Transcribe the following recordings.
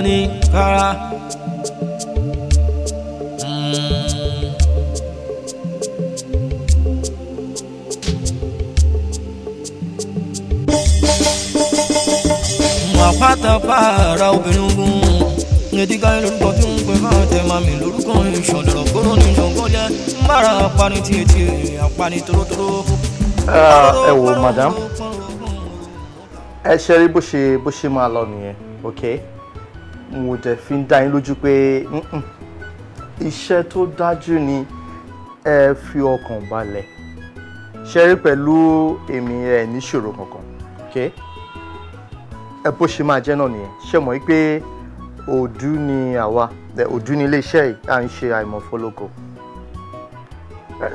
gan ni hmm. pátápára obìnrin ogun ẹdígá lórúkọ tí ń pè máa tẹ máa mi lórúkọ ìṣọ̀dọ̀rọ̀ kóró ní ìṣọ̀gọ́lẹ̀ ń bára apani tí etí apani tórótóró. Ah, ẹ wo madam ẹ ṣe rí bó ṣe bó ṣe máa lọ nìyẹn okay dẹ̀ fi ń dá yín lójú pé iṣẹ́ tó dájú ni ẹ fi ọkàn balẹ̀ ṣe rí pẹ̀lú èmi ẹ̀ níṣòro kankan okay ẹ bó ṣe máa jẹ́ náà nìyẹn ṣe mọ̀ pé òdú ni àwa òdú ni iléeṣẹ́ yìí à ń ṣe àìmọ̀fọ́lọ́kọ̀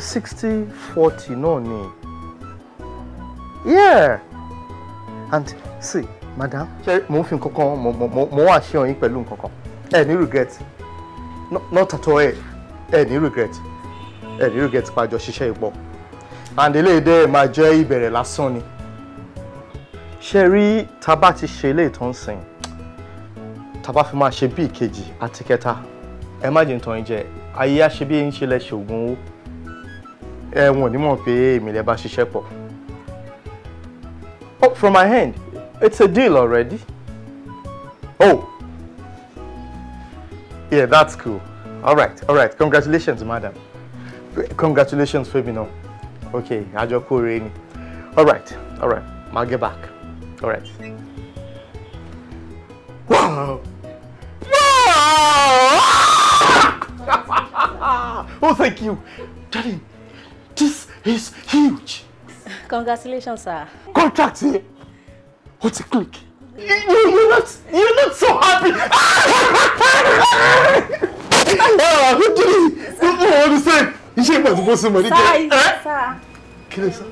sixty forty náà ni yeah and see madam ṣe mo ń fi nǹkan kan mo wà ṣe ọyìn pẹ̀lú nǹkan kan ẹ ní regret not at all ẹ ẹ ní regret ẹ ní regret pàjọ ṣiṣẹ́ ìpọ̀ and eléyìí dẹ́ máa jẹ́ ìbẹ̀rẹ̀ lásán ni ṣe rí ta bá ti ṣe eléyìí tó ń sìn ta bá fi máa ṣe bí ìkejì àti kẹta ẹ má jẹ́ nítorí jẹ ayé á ṣe bí ń ṣe lẹ ṣoògùn owó ẹ wọn ò ní mọ̀ pé èmi lẹ bá ṣiṣẹ́ pọ̀. Oh, from my hand It's a deal already. Oh. Yeah, that's cool. All right, all right. Congratulations, madam. Congratulations, Femino. Okay, Ajoku Rainy. All right, all right. I'll get back. All right. Wow! Wow! oh, thank you. Darling, this is huge. Congratulations, sir. Contract here. What's ti click you you not you're not so happy. ah o jẹ́ ìfún ọdún sẹ́yìn iṣẹ́ ìgbà tí kò sí mọ̀ ní kẹ́ ẹ́ kí ló sọ.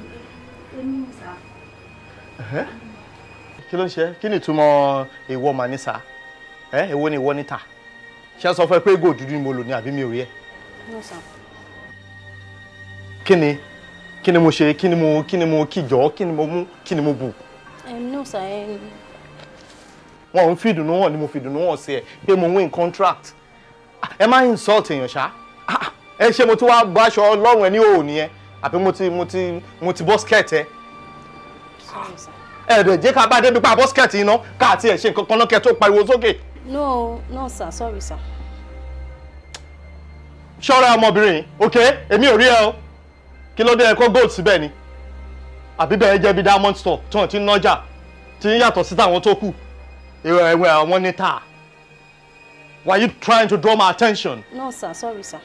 Eh? kí ló ń ṣe kí ni ìtumọ̀ èèwọ̀ mà ní sá eh? èwo ni ìwọ níta ṣé sọ fún ẹ pé ego òdúdú ni mo lò ní àbí mi ò rí ẹ. kí ni kí mo ṣe kí mo kí ni mo kíjọ kí mo mú kí mo bu no sir. wọn ò ń fìdùnnú wọn ni mo fìdùnnú wọn sí ẹ pé mo win contract Am ẹ má insult èèyàn ṣá ẹ ṣe mo ti wá bọ aṣọ ọlọ́run ẹ ní òòní ẹ àbí mo ti mo ti mo ti bọ́ skirt ẹ ẹ̀rẹ̀ jẹ́ ká bá débi pa bọ́sikẹ́ẹ̀tì iná káàtì ẹ̀ ṣe nǹkan kan lọ́kẹ́ tó pariwo sókè. no no sir sorry sir. ṣọ́ra ọmọbìnrin ok èmi ò rí ẹ o kí ló dé ẹ kó gold síbẹ̀ ni àbí bẹ́ẹ̀ jẹ́ bí diamond store tí wọ́n ti ń nọ́jà tí ń yàtọ̀ sí tàwọn tó kù ẹ̀wẹ̀ àwọn ní tà were you trying to draw my attention. no sir sorry sir.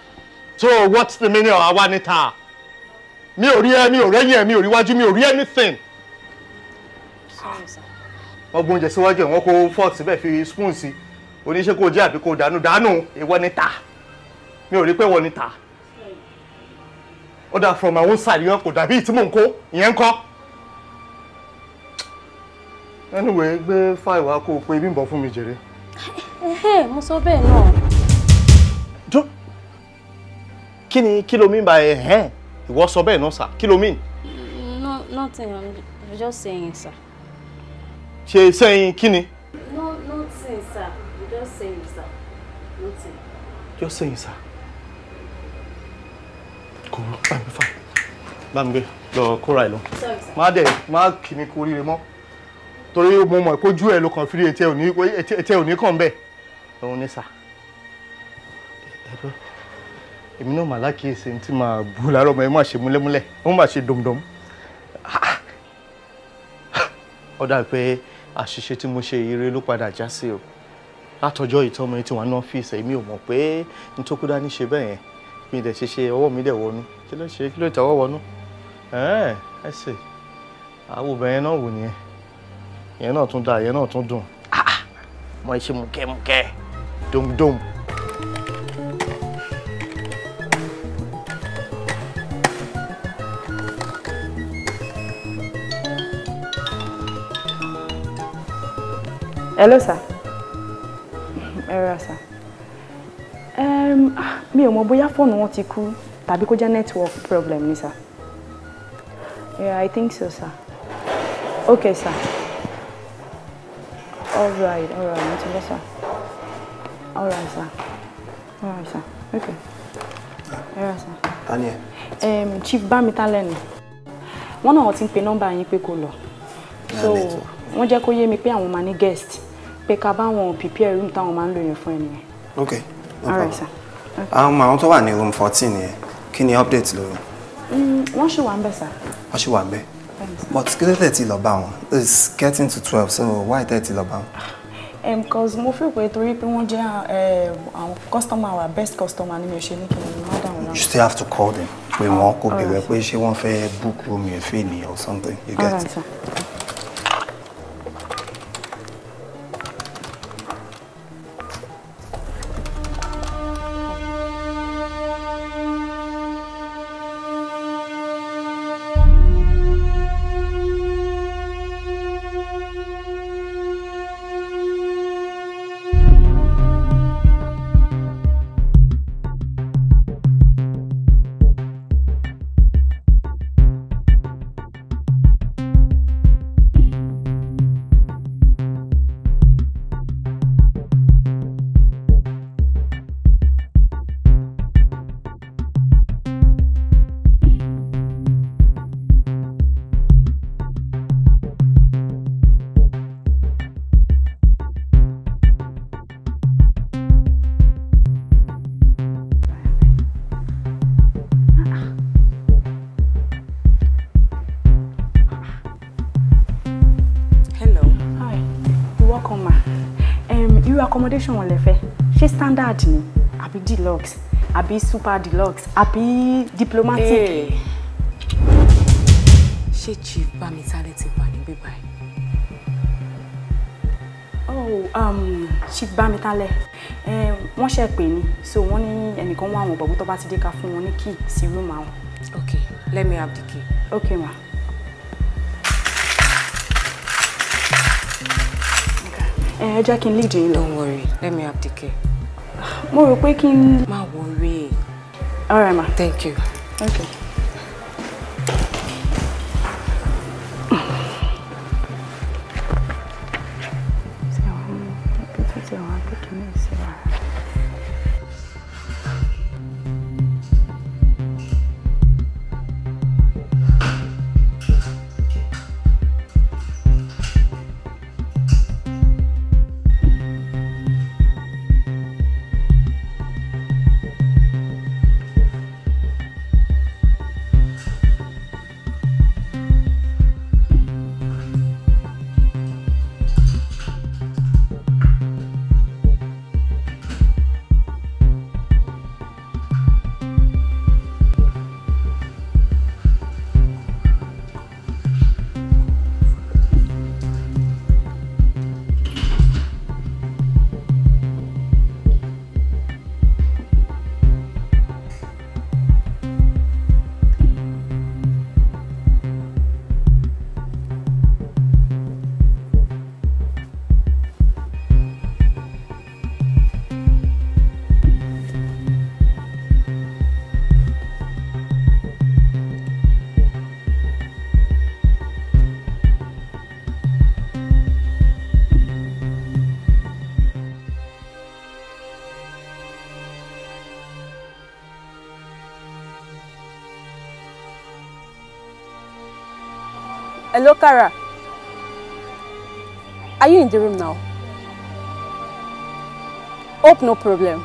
so what's the meaning of àwa ní tà mi ò rí ẹ mi ò rẹ́yìn ẹ mi ò rí wájú mi ò rí anything. sorry sir. wọ́n gbóhùn jẹ síwájú ẹ̀ wọ́n kó fork síbẹ̀ fi spoon sí oníṣẹ́ kò jẹ́ àbí kò dànù dànù ìwọ ní mi ò rí pé wọ́n ní order from my own side yẹn kò dàbí tí mò ń kó ìyẹn ń kọ́. anyway gbé fáì wá kó o pé Bímbọ́ fún mi jèrè. mo sọ bẹ́ẹ̀ náà. jọ kí ni kí ló mean by ẹ̀hẹ́n ìwọ sọ bẹ́ẹ̀ náà sà kí no nothing i'm just saying sir. ṣe sẹ́yìn kí ni. no nothing sir i'm just saying sir nothing. just saying sir kò bá mi fà bá mi gbé lọ kóra ẹ lọ má dẹ má kì mí kú oríire mọ́ torí mo mọ̀ kójú ẹ ló kàn fi rí etí ẹ òní etí ẹ òní kàn bẹ́ẹ̀ òun ní sà ẹjọ́ èmi náà màá lákìyèsí tí màá bù láàárọ̀ mọ́ ẹ má ṣe múlẹ́múlẹ̀ ó má ṣe dòmdòm ó dà pé àṣìṣe tí mo ṣe ire ló padà já sí o látọjọ́ ìtọ́mọ etí wọn ní ọ́fíìsì èmi ò mọ̀ pé n tó kú dání ṣe bẹ́ẹ̀ yẹn mi dẹ̀ ṣe ṣe ọwọ́ mi dẹ̀ wọnú kí ló ṣe kí ló tẹ̀wọ́ wọnú ẹ ṣe àwọn obìnrin náà wò nìyẹn ìyẹn náà tún dáa ìyẹn náà tún dùn mọ ah, iṣẹ́ ah. mùkẹ́mùkẹ́ dòmdòm. hello sir ẹ rà sir. Ah, mi ò mọ bóyá fóònù wọn ti kú tàbí kó jẹ́ network problem ni sir. Yeah, I think so, sir. Okay, sir. Alright, alright, all right, mo ti lọ, sir. Alright, sir. Alright, sir. Okay. All right, sir. Tani ẹ? Um, Chief Bámitalẹ̀ ni. Wọ́n náà ti ń pe nọ́mbà yín pé kò lọ. So, wọ́n jẹ́ kó yé mi pé àwọn máa ní guest pé ká bá wọn prepare room táwọn máa ń lò yẹn fún ẹnìyẹn. Okay all right sir. Um, àwọn tó wà ní room fourteen yẹn kí ni update lórí. Mm, wọ́n ṣì wà one bẹ̀ sir. wọ́n ṣì one ń bẹ̀ but kí ló tẹ̀ it's getting to twelve so why tẹ̀ ti lọ bá wọn um, cause mo feel pé torí um, customer our best customer ni mi ò ṣe ní kí n má you still have to call them pé wọ́n kò béèrè pé ṣé wọ́n fẹ́ book room yẹn or something you get. All right, sir. accommodation wọn lẹ fẹ́ ṣé standard ni àbí deluxe àbí super deluxe àbí diplomatic. Eh. ṣé chief Bámitálé ti wà níbí báyìí. oh um, chief Bámitálé eh, wọ́n ṣe pè ní so wọ́n ní ẹnìkan wọ́n àwọn bọ̀bú tó bá ti dé ká fún wọn ní kí sí rúùmù àwọn. ok let me have the key. ok ma. Am. ẹ jẹ́ kí lead yín lọ. don't worry let me abdicate. mo rò pé kí n. má worry. all right ma. thank you. okay. Hello, Kara. Are you in the room now? Hope no problem.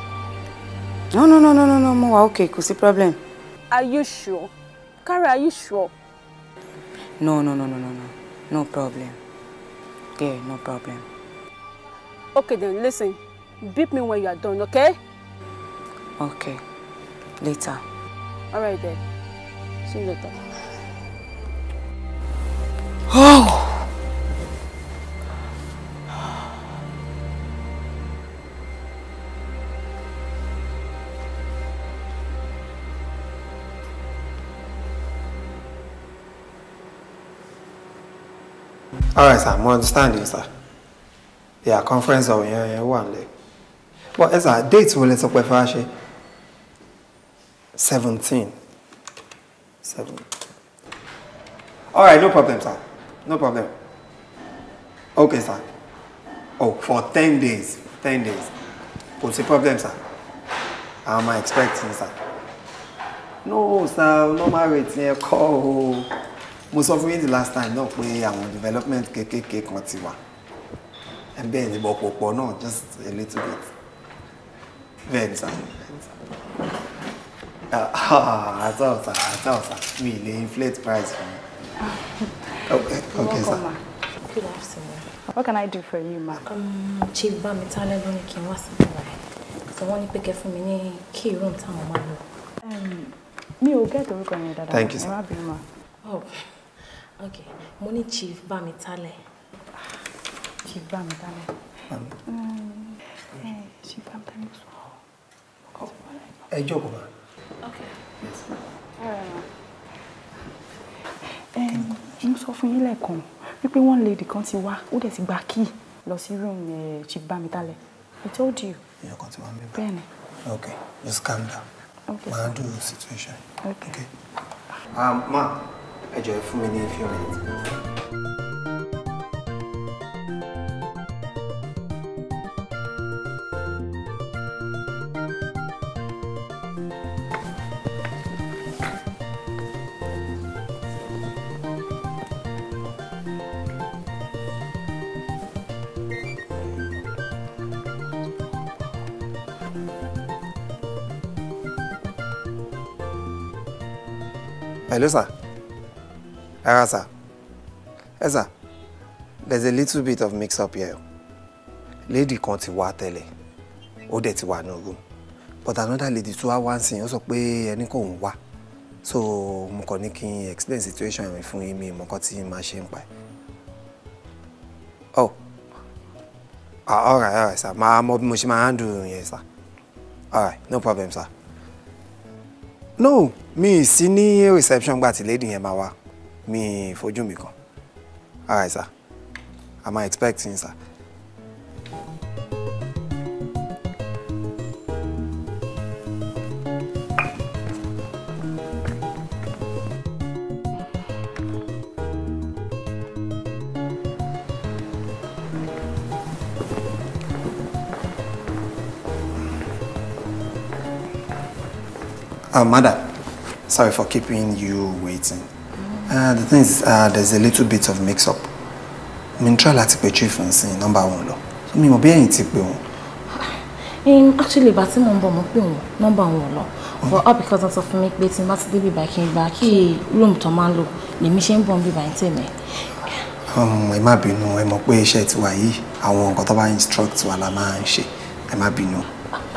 No, no, no, no, no, no, Mowa, okay, kò sí problem. Are you sure? Kara, are you sure? No, no, no, no, no, no. No problem. Yeah, no problem. Okay then, listen. Beep me when you are done, okay? Okay. Later. Alright then. See you later. Oh! All right, sir. Mo understand you, sir. Yeah, conference ọ̀hún yeah, yeah, one day. But ẹ sà, date wo lẹ sọ pé fẹ́ ṣe? Seventeen. Seven. All right, no problem, sir. No problem. Okay, sir. Oh, for 10 days. 10 days. Kò sí problem, sir. I'm expecting, sir. No, sir, No rate yẹn kọ́ o. Mo sọ fún the last time náà pé àwọn development kéékèèké kan ti wà. Ẹ bẹ́ẹ̀ ni bọ̀ pọ̀pọ̀ just a little bit. Bẹ́ẹ̀ ni, sir. Àtọ̀ ah, sir, thought, sir, mi ì lè inflate price fún mi. Okay, okay, sir. Ma. Good afternoon. What can I do for you, ma? Um, Chief Bamitale ló ní kí n wá síbí báyìí. So wọ́n ní pé kẹ́ fún mi ní key room táwọn máa lò. Um, mi ò gẹ́ torúkọ yẹn dáadáa. Thank you, sir. Ẹ ma. Oh, okay. Mo ní Chief Bamitale. Chief Bamitale. Um, eh, chief Bamitale sọ. Ẹ jókòó ma. Okay. Yes, ma. All right, ma. Um, mo sọ fún yín lẹ́ẹ̀kan wípé one lady kan ti wá ó dẹ̀ ti gba key lọ sí room eh, chief bámitalẹ̀ I told you. ìyá kan ti wá ń bẹ̀rẹ̀ bẹ́ẹ̀ ni. okay just calm down. okay We'll handle the situation. okay. okay. Um, ma ẹ jọ̀ọ́ fún mi ní few minutes. Hello, sir. Ara, sir. Ẹ sà, there's a little bit of mix-up here. Lady kan ti wá tẹ́lẹ̀, ó dẹ̀ ti wà ní room. But another lady tún wá wá ń sìn, ó sọ pé ẹni kò ń So mo kàn ní kí n explain situation mi fún yín mi mọ̀ nǹkan tí màá ṣe ń Oh, ah, all right, all right, sir. Màá mọ bí mo ṣe máa handle yẹn, sir. All right, no problem, sir no mi ì sí reception gba ti lady yẹn máa wá mi ì fojú mi kàn all right sir i'm expecting sir. Uh, Mother, sorry for keeping you waiting. Uh, the thing is, uh, there's a little bit of mix-up. Mi ń try láti pe chief nsìn number one, lọ. So mi mo bí ẹ̀yin ti pè wọ́n. In actually, ìgbà tí mo ń bọ̀ mo pè wọ́n nọ́mbà wọn lọ. For oh. all because wọ́n sọ fún mi pé tí n bá ti débi ìgbà kí n gbà kí room tó máa ń lò lèmi ṣe ń Um, bí ìbàyẹn tèmi. Ẹ má bínú, ẹ mọ̀ pé iṣẹ́ tiwa yìí, àwọn nǹkan tó bá instruct wa la máa ń ṣe. Ẹ má bínú.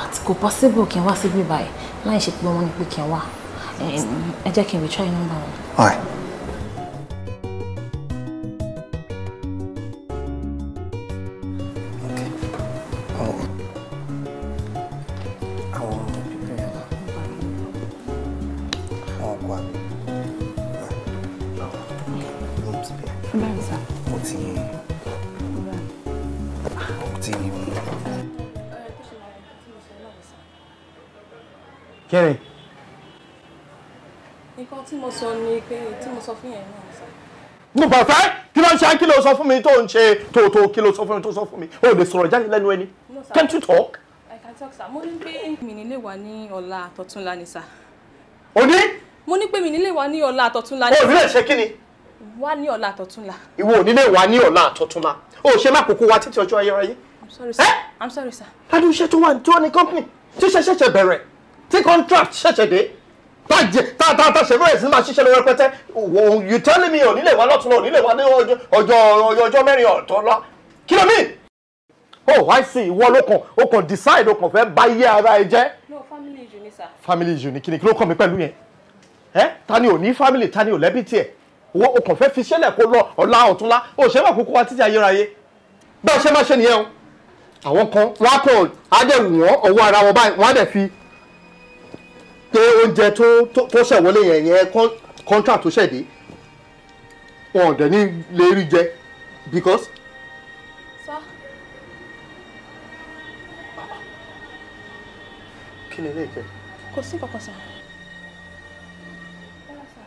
Àti kò possible kí n wá síbí by? láì ṣe pé wọ́n ní pé kí n wá ẹ jẹ́ kí n retry number wọn. sọ fún yẹn náà sá. mo pàfẹ́ kí ló ń ṣe kí ló sọ fún mi tó ń ṣe tòótọ́ kí ló sọ fún mi tó sọ fún mi o lè sọ̀rọ̀ jáde lẹ́nu ẹni can't you talk. I can talk sir mo ní pé mi nílé wa ní ọ̀la àtọ̀túnla ni sá. o ní. mo ní pé mi nílé wa ní ọ̀la àtọ̀túnla ni. o nílé ṣe kí ni. wá ní ọ̀la àtọ̀túnla. ìwọ ò nílé wa ní ọ̀la àtọ̀túnla o ṣe má kókó wa títí ọjọ́ ayérayé. I'm sorry sir. Eh? I'm sorry sir. adúṣe tó wà ní tó ní company tí ṣẹ̀ṣẹ̀ bẹ̀rẹ̀ tí contract ṣẹ̀ṣẹ̀ dé bàjẹ́ tá tá ṣe bẹ̀rẹ̀ sí máa ṣiṣẹ́ lọ rẹpẹtẹ you telling me onílé wa lọ́tún náà onílé wa ní ọjọ́ ọjọ́ mẹ́rin ọ̀tọ̀ lọ kí ló mí. oh i see ìwọ ló kàn ó kàn decide ó kàn fẹ́ bá iye ara ẹ jẹ́. no family is unique sir. family is unique kí ni kí ló kàn mí pẹ̀lú yẹn ta ni ò ní family ta ni ò lẹ́bí tiẹ̀ o kàn fẹ́ fi ṣẹlẹ̀ kó lọ ọ̀la ọ̀túnla o ṣe máa kókó wa títí ayérayé bá a ṣe máa ṣe nìyẹn o àwọn kan wọn á kàn á dẹ̀ wọ́n ọwọ́ ara wọn báyìí wọ́n á dẹ̀ fi pé oúnjẹ tó ṣẹ̀wọlé yẹn yẹn contract tó ṣẹ̀dé wọn ò dẹ̀ ní lè rí jẹ because. sá. kí ni ilé ìjẹ. kò sí kankan sá.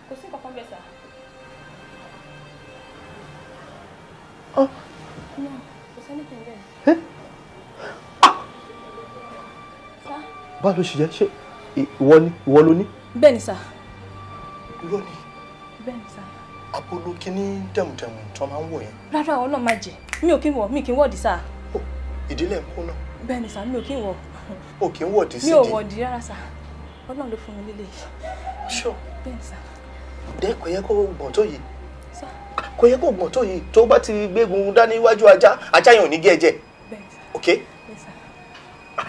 kò sí kankan bẹ́ẹ̀ sá. ọ. Ah. kò sẹ́ni tẹ̀lé. Eh? báwo ló ṣe jẹ́ ṣé ìwọ ni ìwọ ló ní. bẹ́ẹ̀ ni sà. lónìí. bẹ́ẹ̀ ni sà. apolo kìíní dẹ̀mùdẹ̀mù tó máa ń wọ̀ yẹn. rárá ọlọ́run má jẹ́ mi ò kí ń wọ̀ mi kì í wọ̀dí sà. ìdílé ń kó náà. bẹ́ẹ̀ ni sà mi ò kí ń wọ̀. o kì í wọ̀dí sídìí. mi ò wọ̀dí rárá sà ọlọ́run ló fún mi lílé yìí. sure. bẹ́ẹ̀ ni sà. dẹ́ kò yẹ kó gbọ̀n tó yìí kò yẹ kó gbọ̀n tó yìí tó bá ti gbégun dání iwájú ajá ajá yẹn ò ní gé ẹ̀jẹ̀. bẹ́ẹ̀ ni sà. okay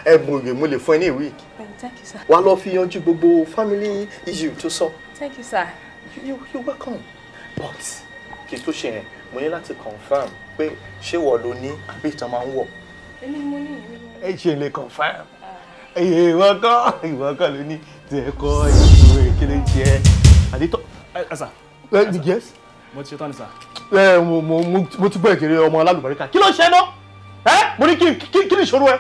ẹ̀bùn ìwé mo lè fún ẹ ní ìwé wa lọ fi yanjú gbogbo family issue tó sọ. thank you sir. you you welcome but kì í tó ṣe yẹn mo ní láti confirm pé ṣé wọ́n ló ní àbí ìtàn máa ń wọ̀. èmi mo ní ìwé. ẹ ṣe lè confirm ah. ìwọ kọ́ ìwọ kọ́ ló ní tiẹ̀ kọ́ ìwé kí ló ń ṣe ẹ́ àdìtọ́ ẹ̀ sà. yes. mo ti ṣe tán ni sà mo ti gbọ́ ìkiri ọmọ alálùbáríkà kí ló ṣe ná ẹ mo ní kí ni ìṣòro ẹ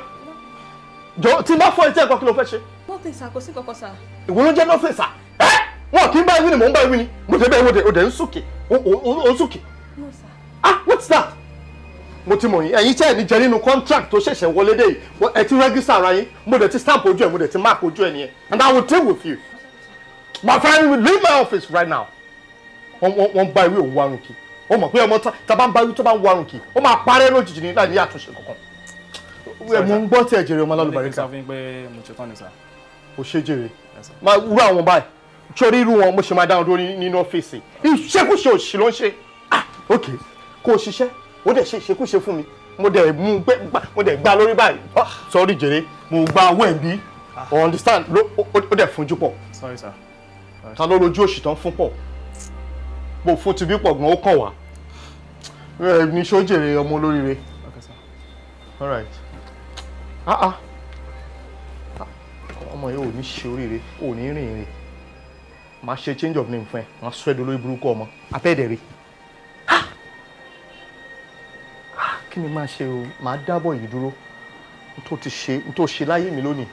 jọ tí n bá fọ etí ẹ̀kọ́ kí ló fẹ́ ṣe. nothing sir kò sí kankan sir. ìwọ ló jẹ́ nothing sir ẹ wọn kì í bá ewì ni mò ń bá ewì ni mo ṣe bẹ́ẹ̀ wọ́dẹ̀ òdẹ̀ ń sùkè ó ń sùkè. no sir. ah what's that. mo ti mọ̀ yín ẹ̀yin tẹ́ ẹ̀ ní jẹ nínú contract tó ṣẹ̀ṣẹ̀ wọlé dé yìí ẹ ti rẹ́gísà ara yín mo dẹ̀ ti stamp ojú ẹ̀ mo dẹ̀ ti mark ojú ẹ̀ nìyẹn and I will deal with you. my friend leave my office right now. wọ́n bá ewì òun wárùn kì ó mọ̀ pé ọmọ tá bá ń bá ewì tó bá ń wárùn kì ó máa parẹ́ lójijì ní láì ní àtúnṣe kankan mo ń gbọ́ tí ẹ jèrè ọmọ alálùbáríkà. o ṣe jèrè máa wú àwọn báyìí torí irú wọn mo ṣe máa dáhùn lórí nínú ọ́fíìsì ìṣekúṣe òṣì ló ń ṣe ah ok kò ṣiṣẹ́ ó dẹ̀ ṣe ìṣekúṣe fún mi mo dẹ̀ mú gbé mo dẹ̀ gbá lórí báyìí ah, sọ́ọ́rì jèrè mo gba owó ẹ̀ ah. o understand ó dẹ̀ fúnjú pọ̀ ta ló rojú òṣì tán fún pọ̀ bó fún tibí pọ̀ gan ó kàn wá ní sójèrè ọmọ olóríire all right. Ah, ah. ọmọ yìí ò ní ṣe oríire ò ní rìn ìrìn máa ṣe change of name fún ẹ máa sọ ẹdọ lórí burúkú ọmọ afẹ́dẹ̀rẹ̀ ah! ah, kí ni máa ṣe o máa dábọ̀ yìí dúró tó ti ṣe tó ṣe láyé mi lónìí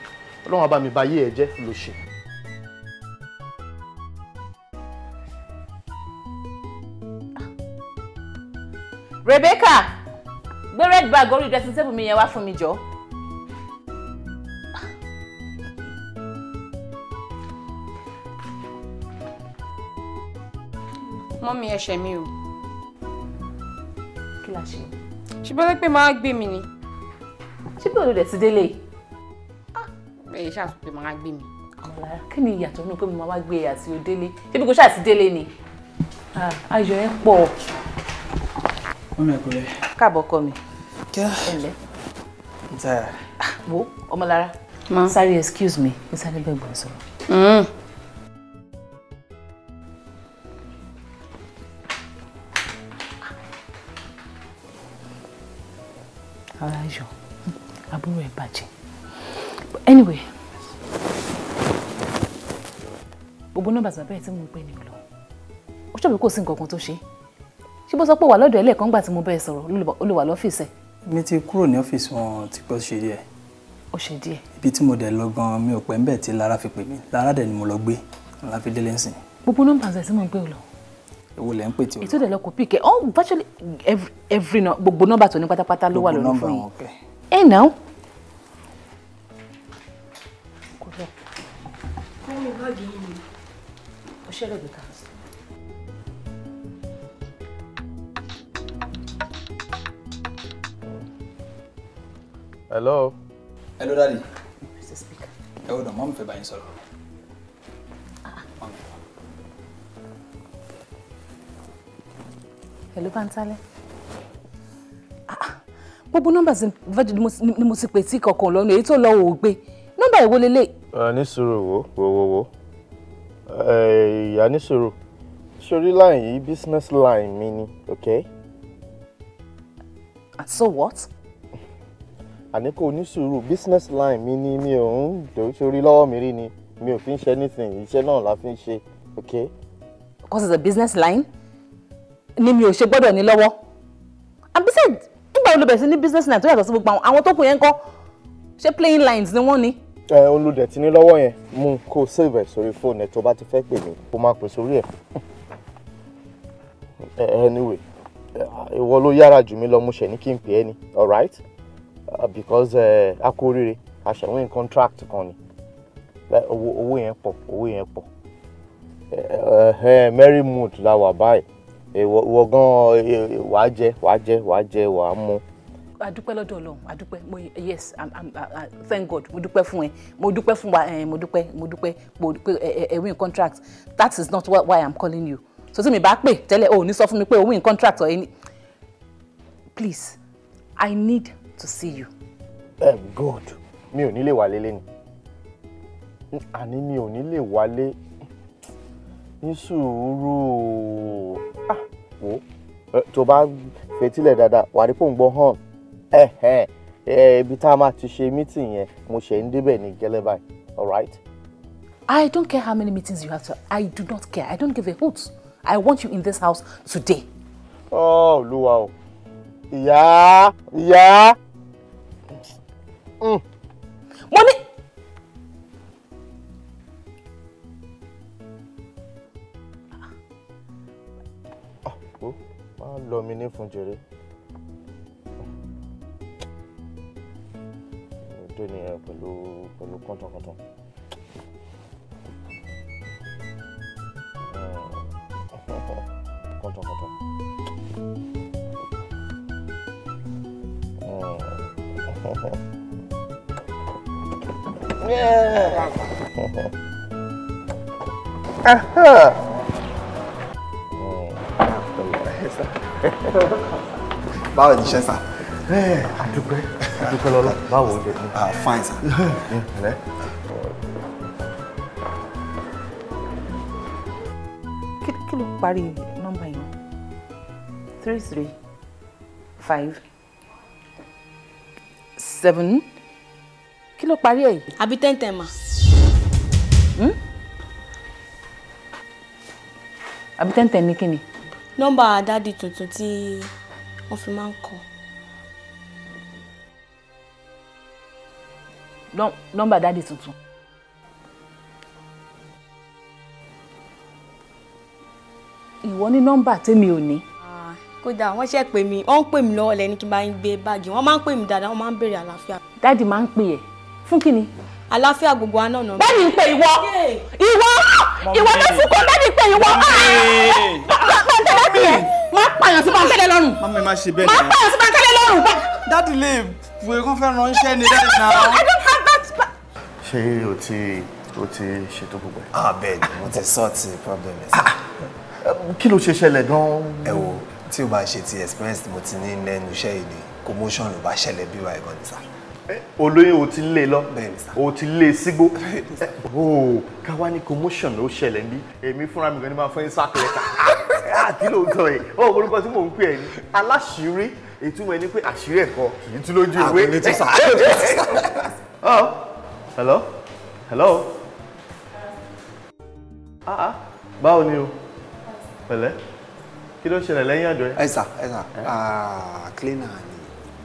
ọlọ́run abá mi ba ayé ẹ jẹ́ ló ṣe. Rebecca gbé red bag orí dressing table mi yẹn wá fún mi jọ. mọ́mí ẹ̀ṣẹ̀ mi o. kí la ṣe. ṣùgbọ́n lẹ́ pé máa gbé mi ni. ṣé bí olùdẹ̀ ti délé yìí. Ah, ẹ ṣáà sọ pé máa gbé mi. ọ̀la kí ni ìyàtọ̀ nínú pé mo máa wá gbé e àti òdélé ṣé bí kò ṣáà ti délé ni. Ah, ayọ̀ ẹ pọ̀. mọ́mí ẹ kúlẹ̀. káàbọ̀ kọ mi. kí á ẹ̀lẹ́. ìtara. Ah, wo ọmọlára. sáré excuse me ní sáré bẹ́ẹ̀ gbọ́n sọ̀rọ̀. Mm. ọ̀sán bẹ́ẹ̀ tí mò ń pè ní lọ ó ṣọ̀bí kò sí nǹkan kan tó ṣe ṣé bó sọ pé wà lọ́dọ̀ ẹlẹ́ẹ̀kan nígbà tí mo bẹ́ẹ̀ sọ̀rọ̀ ó lọ́fíìsì ẹ̀. mi ti kúrò ní ọ́fíìsì wọn ti pẹ́ ṣe díẹ̀. ó ṣe díẹ̀. ibi tí mo dẹ̀ lọ gan mi ò pẹ́ ń bẹ̀ tí Lara fi pè mí Lara dẹ̀ ni mo lọ gbé Lara fi délé ńsìn. gbogbo nọ́mbà ṣe tí mo ń gbé lọ. èwo lẹ ń pè tí o lọ. ètò ìdẹ̀lọ ṣẹ́ Rebecca. hello. hello daddy. mr speaker. ẹ wọ́n dọ̀ mọ́ mi fẹ́ bá yín sọ̀rọ̀. hello Bántálẹ́ ah, ah. gbogbo nọ́mbà ni mo ti pè tí kankan lọ́nà èyí tó lọ wò ó gbé nọ́mbà ìwọlélẹ̀. ní sùúrù wo wo wo wo ìyá eh, níṣòro sórí line business line meaning, okay. and ah, so what. àní kò ní sùúrù business line meaning me. mi don't ń dòwó me. lọ́wọ́ mi rí anything You náà la fi ń ṣe ok. because it's a business line ni mi ò ṣe gbọ́dọ̀ ní lọ́wọ́ and besides nígbà wo ló bẹ̀rẹ̀ business line tó yàtọ̀ sí gbogbo àwọn tó kù yẹn playing lines no money ẹ olùdẹ̀ tí ní lọ́wọ́ yẹn mú kó save sórí fóònù ẹ̀ tó bá ti fẹ́ pè mí kó má pè sórí ẹ̀ anyway ìwọ ló yára jù mí lọ mo ṣẹ̀ ní kí n pè é ni alright uh, because a kú oríire a ṣẹ̀wé contract kan ni owó owó yẹn pọ̀ owó yẹn pọ̀ merry mood la wà báyìí ìwọ gan wàá jẹ wàá jẹ wàá jẹ wàá mú adúpẹ́ lọ́dọ̀ Ọlọ́run adúpẹ́ mo yes I'm, I'm, I, thank God mo dúpẹ́ fún ẹ mo dúpẹ́ fún wa eh, mo dúpẹ́ mo dúpẹ́ pé eh, eh, ẹ win contract that is not why I'm calling you so tí mi bá pè tẹ́lẹ̀ o ò ní sọ fún mi pé o win contract or any please I need to see you. Um, good mi ò ní lè wálé lẹ́nu àní mi ò ní lè wálé ní sùúrù ah wò tó bá fetílẹ̀ dáadáa wà á rí pòǹgbọ́n hàn. Eh, ibi tá a máa ti ṣe meeting yẹn mo ṣe ń débẹ̀ ní gẹ́lẹ́ báyìí all right. I don't care how many meetings you have to I do not care I don't give a hoot I want you in this house today. Oh, Olúwa o. Ìyá ìyá. Mo mm. ní. Ah, ó máa lọ mi ní fún jèrè. dúró nìyẹn eh, pẹ̀lú pẹ̀lú kọ́ńtọ̀kọ́ńtọ̀. Eh, kọ́ńtọ̀kọ́ńtọ̀. Yeah. Eh. báwo ni ṣe sá àdúpẹ́ àdúpẹ́ lọ́la báwo Ah, fine sir. ǹlẹ́. kí ló parí nọ́mbà yẹn three three five seven kí ló parí ẹ̀ yìí. àbí ten ten ma. àbí ten ten ni kí ni. nọ́mbà dádì tuntun tí wọ́n fi máa ń kọ́. nọ́mbà dáàdì tuntun. ìwọ ní nọ́mbà tèmi ò ní. Ah, kódà wọ́n ṣe pè mí wọ́n ń pè mí lọ́wọ́ lẹ́ni kí n bá ń gbé báàgì wọ́n máa ń pè mí dáadáa wọ́n máa ń béèrè àlàáfíà. dáàdì máa ń pè ẹ́ fún kí ni. àlàáfíà gbogbo aná nà. bẹ́ẹ̀ni ń pe ìwọ ìwọ ìwọ ló fún kó bẹ́ẹ̀ni pe ìwọ. máa tẹ̀lé tiẹ̀ máa pààyàn sí báńkẹ́lẹ́ lọ́rùn. máa pààyàn sí báńkẹ́lẹ́ lọ́rùn. dáàdì lè wé kán fẹ́ ránṣẹ́ ni dáàdì náà ṣé o ti o ti ṣètò gbogbo ah bẹ́ẹ̀ ni mo ti sọ ti problem ẹ sí. Ah, kí ló ṣe ṣẹlẹ̀ gan-an. ẹ wo tí o bá ṣe ti experience tí mo ti ní lẹ́nu iṣẹ́ èdè commotion ló bá ṣẹlẹ̀ bí wàá gan-an sá. olóyè o ti lé lọ o ti lé e sígbó o káwa ní commotion ló ṣẹlẹ̀ bí èmi fúnra mi gan ni máa fẹ́ sákìlẹ́ta àti lóòótọ́ yìí ó orúkọ tí mò ń pè ẹ́ ní aláṣìírí ìtumọ̀ ẹni pé àṣírí ẹ̀kọ́ kì í tú lójú ìwé. àbúrò tó sà hello hello ah ah báwo ni o pẹ̀lẹ́ kí ló ṣẹlẹ̀ lẹ́yìn àjọ yẹn. ẹ sà ah, cleaner ni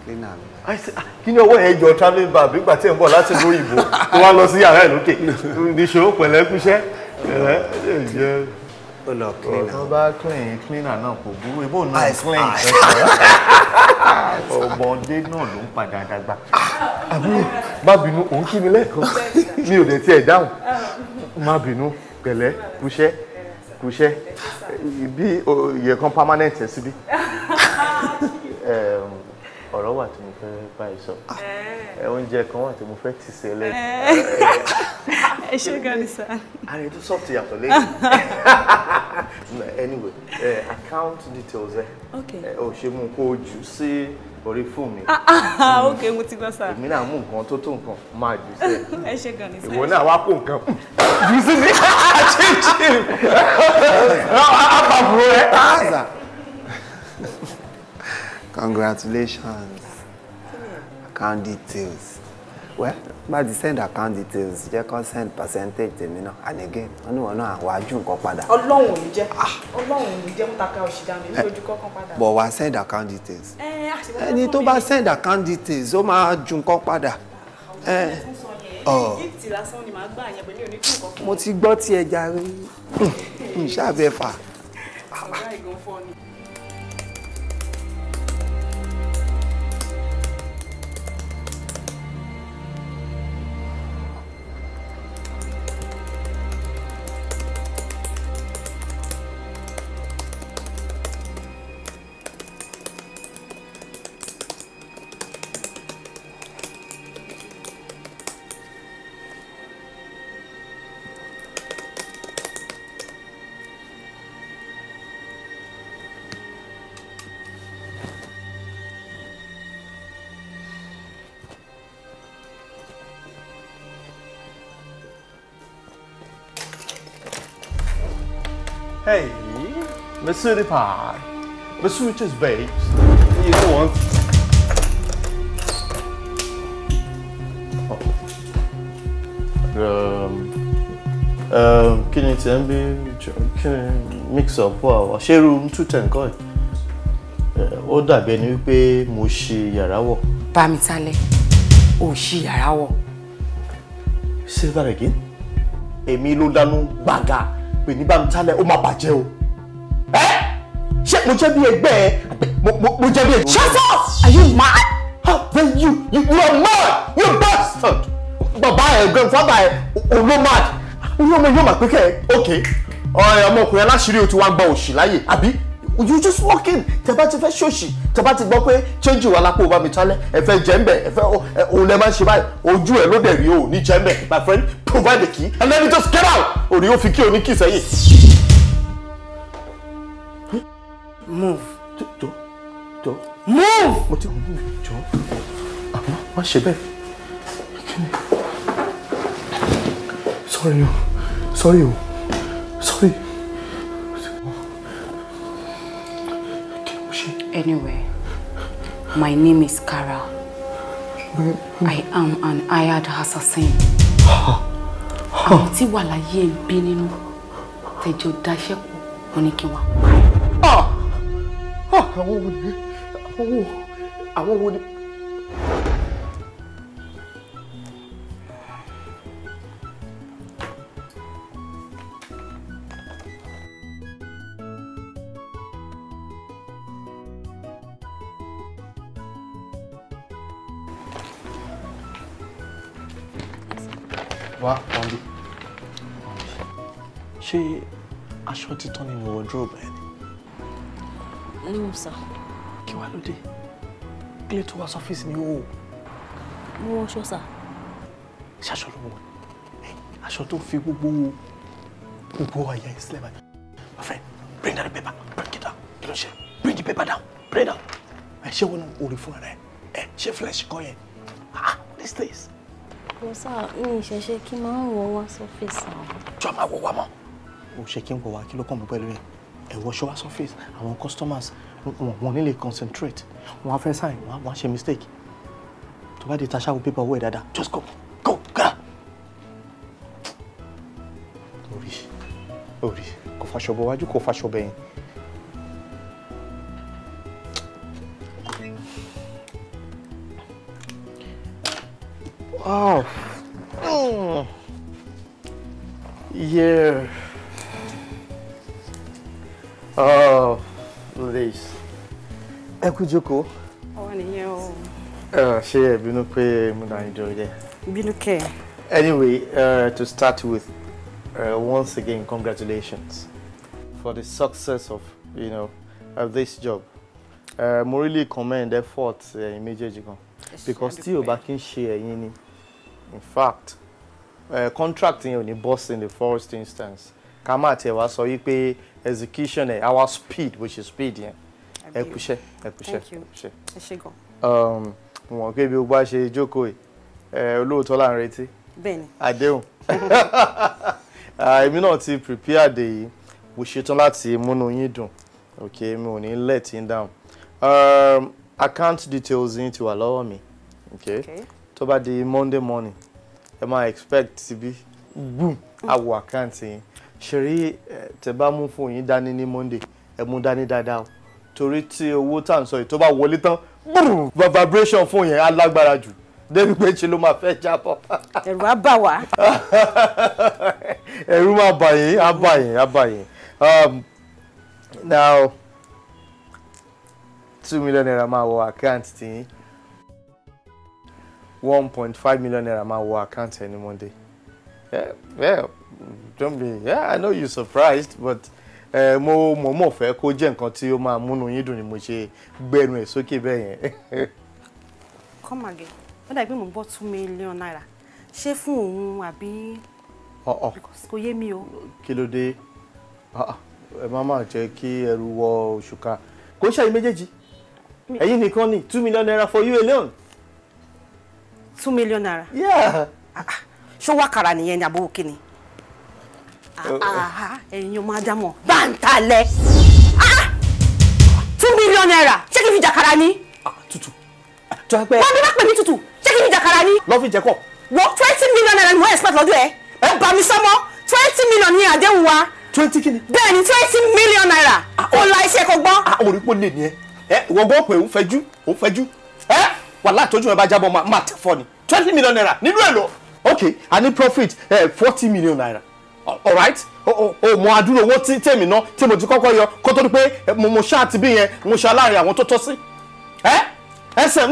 cleaner ni. Ah, ah, kí ni ọwọ́ ẹ jọ travelling bag nígbà tí ẹ ń bọ̀ láti ìlú òyìnbó tó wá lọ sí yàrá ẹ̀ lókè níṣó pẹ̀lẹ́ kúṣẹ́ pẹ̀lẹ́ ẹ ó lọ clean am. tó bá clean cleaner náà kò burú ebó náà clean ọmọdé náà ló ń padà dàgbà. Ah. àbúrò má bínú òun kí mi lẹ́ẹ̀kan mi ò dẹ̀ tiẹ̀ dáhùn má bínú pẹ̀lẹ́ kúṣẹ́ kúṣẹ́ bí ìyẹ̀kan permanent ẹ̀ síbí. ọ̀rọ̀ wà tí mo fẹ́ báyìí sọ oúnjẹ kan wà tí mo fẹ́ tì sẹ́lẹ̀. ẹ ṣe gan ni sir. àrẹ tó sọ̀tì yàtọ̀ lẹ́yìn anyway account details ẹ ò ṣe mú kó o jù sí orí fún mi. ok mo ti gbọ́ sá. èmi náà mú nǹkan tó tó nǹkan máa jù sí ẹ. ẹ ṣe gan ni sá. ìwọ náà wá kó nǹkan jù sí mi àti jìm àbàbò rẹ. Congratulations. Account details. Well, but ti send account details, jẹ́ kó send percentage tèmi náà. And again, I know I náà àwọn ajú nǹkan padà. Ọlọ́run ò ní jẹ́. Ah. Ọlọ́run ò ní jẹ́ mú taka òṣìdá mi lójú eh, kọ́kàn padà. Bọ̀ wá send account details. Eh, eh Ẹni tó bá send account details, Oh, máa ju nǹkan Eh. eh oh. lásán ni màá gbà yẹn pẹ̀lú oníkùn kọ̀ọ̀kan. Mo ti gbọ́ tí ẹ jàre. Hmm, Ṣáà bẹ fà. Ọ̀gá ìgànfọ́ ni. Hey, Missouri pie. Missouri cheese babes. You ehm, ehm, know what? Um, ni tiẹ̀ ń bí kí ni mix up wà wá ṣé room two ten kọ́ Uh, ó dàbí ẹni wípé mo ṣe yàrá wọ̀. say that again èmi danu dánú pè ní bámitálẹ̀ ó máa bàjẹ́ o ẹ́ ṣé mo jẹ́ bí ẹgbẹ́ ẹ mo jẹ́ bí ẹgbẹ́. shut up are you mad. how dare you you you are mad you bastard. bàbá ẹ grandfather ẹ olómad olómọ yóò máa pé kẹ́ ẹ ok ọmọkùnrin aláṣírí o ti wá gba òṣì láyè àbí you just walk in tẹ bá ti fẹ́ ṣòṣì tẹ́ bá ti gbọ́ pé change wà lápò bá mi tálẹ̀ ẹ fẹ́ jẹ́ ńbẹ̀ ẹ fẹ́ òun lẹ́ máa ń ṣe báyìí ojú ẹ̀ ló dẹ̀ rí o ní jẹ́ ńbẹ̀ my friend provide the key and then you just get out òní yóò fi kí oní kì sẹ́yìn. move. jọ jọ. move. mo ti mú jọ àmọ́ má ṣe bẹ́ẹ̀ kí ni sorry o sorry o sorry. anyway My name is Kara. I am an hired assassin. Àwọn tí wà láyé ń bí nínú tẹjọ dáṣẹ́ pọ̀ wọn ni kí wá. Ah! Ah! Àwọn wo ni àwọn wo ni. aṣọ títán nínú wardrobe ẹni. níwò sá. kí wàá ló dé kílé tó wá sọ́fíìsì ni ó. Oh. mo wọ ọṣọ sá. ṣaṣọ ló wọ eh, aṣọ tó fi gbogbo gbogbo àyà ẹ sílẹ̀ bàtà. my friend bring that paper Bring it down kí ló ṣe bring the paper down Bring it down. ẹ ṣé wọn ò rí fún ẹ ẹ ṣé flesh kọ yẹn ah this place. mo sá ní ìṣẹ̀ṣe kí n máa ń wọ wá sọ́fíìsì. jọ máa wọ wá mọ́ o ṣe kí n pọ̀ wá kí ló kàn mọ́ pẹ̀lú yẹn ẹ̀wọ̀ ṣọwá surface àwọn customers wọn ní lè concentrate wọn á fẹ́ sign wọn á ṣe mistake tó bá di ta ṣáàbù paper. owó ẹ̀ just go go gara. orí orí kò faṣọ bọ wájú kò faṣọ bẹ̀yìn. Oh. kú jókòó. ọwọ́ nìyẹn o. ṣé ẹ bínú pé mo náà ń dúró dé. bínú anyway uh, to start with uh, once again congratulations for the success of you know of this job uh, mo really commend effort uh, ẹ̀yin méjèèjì gan because still o bá kí n ni in fact uh, contract yẹn ò boss in the first instance ká má tiẹ̀ wá sọ yí execution ẹ̀ our speed which is speed yẹn ẹ kúṣẹ́ ẹ kúṣẹ́ ẹ kúṣẹ́ ẹ ṣé gan. Um, mo mọ̀ pé bí o bá ṣe jókòó ẹ olóòótọ́ là ń retí bẹ́ẹ̀ni àdéhùn èmi náà ti prepare dè yìí mo ṣetán láti múnú yín dùn ok mi ò ní let yín down um, account details yín ti wà lọ́wọ́ mi ok tó bá di monday morning ẹ máa expect síbí boom àwọ̀ àkáǹtì yín ṣeré tẹ bá mú fún yín dání ní monday ẹ mú dání dáadáa o torí tí owó tá à ń sọ yìí tó bá wọlé tán vibration fún yẹn á lágbára jù débi pé ṣe ló máa fẹ́ jábọ̀. ẹ̀rù á bà wá. ẹ̀rù máa bà yín á bà yín á bà yín um, now two million naira máa wọ account tí one point five million naira máa wọ account ẹni monday yeah, yeah, don't be yeah, I know you surprised but ẹ mo mọ̀ọ́mọ̀ fẹ́ kó jẹ́ nǹkan tí ó máa múnú yín dùn ni mo ṣe gbẹnu ẹ̀ sókè bẹ́ẹ̀ yẹn. come again ó dàbí mo gbọ́ two million naira ṣé fún òun àbí. kò yé mi o. kí ló dé ah, ah, ẹ má má jẹ́ kí ẹrù wọ oṣù ká kò ṣàyí méjèèjì ẹ̀yin nìkan ni two million naira for you alone. two million naira. Ah, ṣó wákàrà nìyẹn ni àbúrò kí ni ẹ̀yin mádàmọ̀ bá ń talẹ̀ ah, two million naira ṣé kí n fi jàkàrà ni. Ah, tutù ah, tó ẹgbẹ́. wọ́n mi bá pè mí tutù ṣé kí n fi jàkàrà ni. lọ́fíì jẹ́ kọ́. wọ́n twenty million naira ni wọ́n expect lọ́dún ẹ̀ ẹ̀ bá mi sọ́mọ́ twenty million ni àdéhùn wa twenty kini. bẹ́ẹ̀ni twenty million naira kò la iṣẹ́ kò gbọ́. a ò rí pò lè ní ẹ ẹ wọ́n gbọ́ pé òun fẹ́jú òun fẹ́jú ẹ wàhálà tójú ẹ bá jábọ̀ máa tẹ̀ fọ́ ni twenty million naira nínú ẹ̀ lọ. ok a ní profit forty million naira alright o mọ adúrò owó tí tèmi ná tí mo ti kọ́kọ́ yọ kó tó di pé mo ṣáà ti bí yẹn mo ṣe aláàrin àwọn tó tọ́ sí ẹ ẹsẹ̀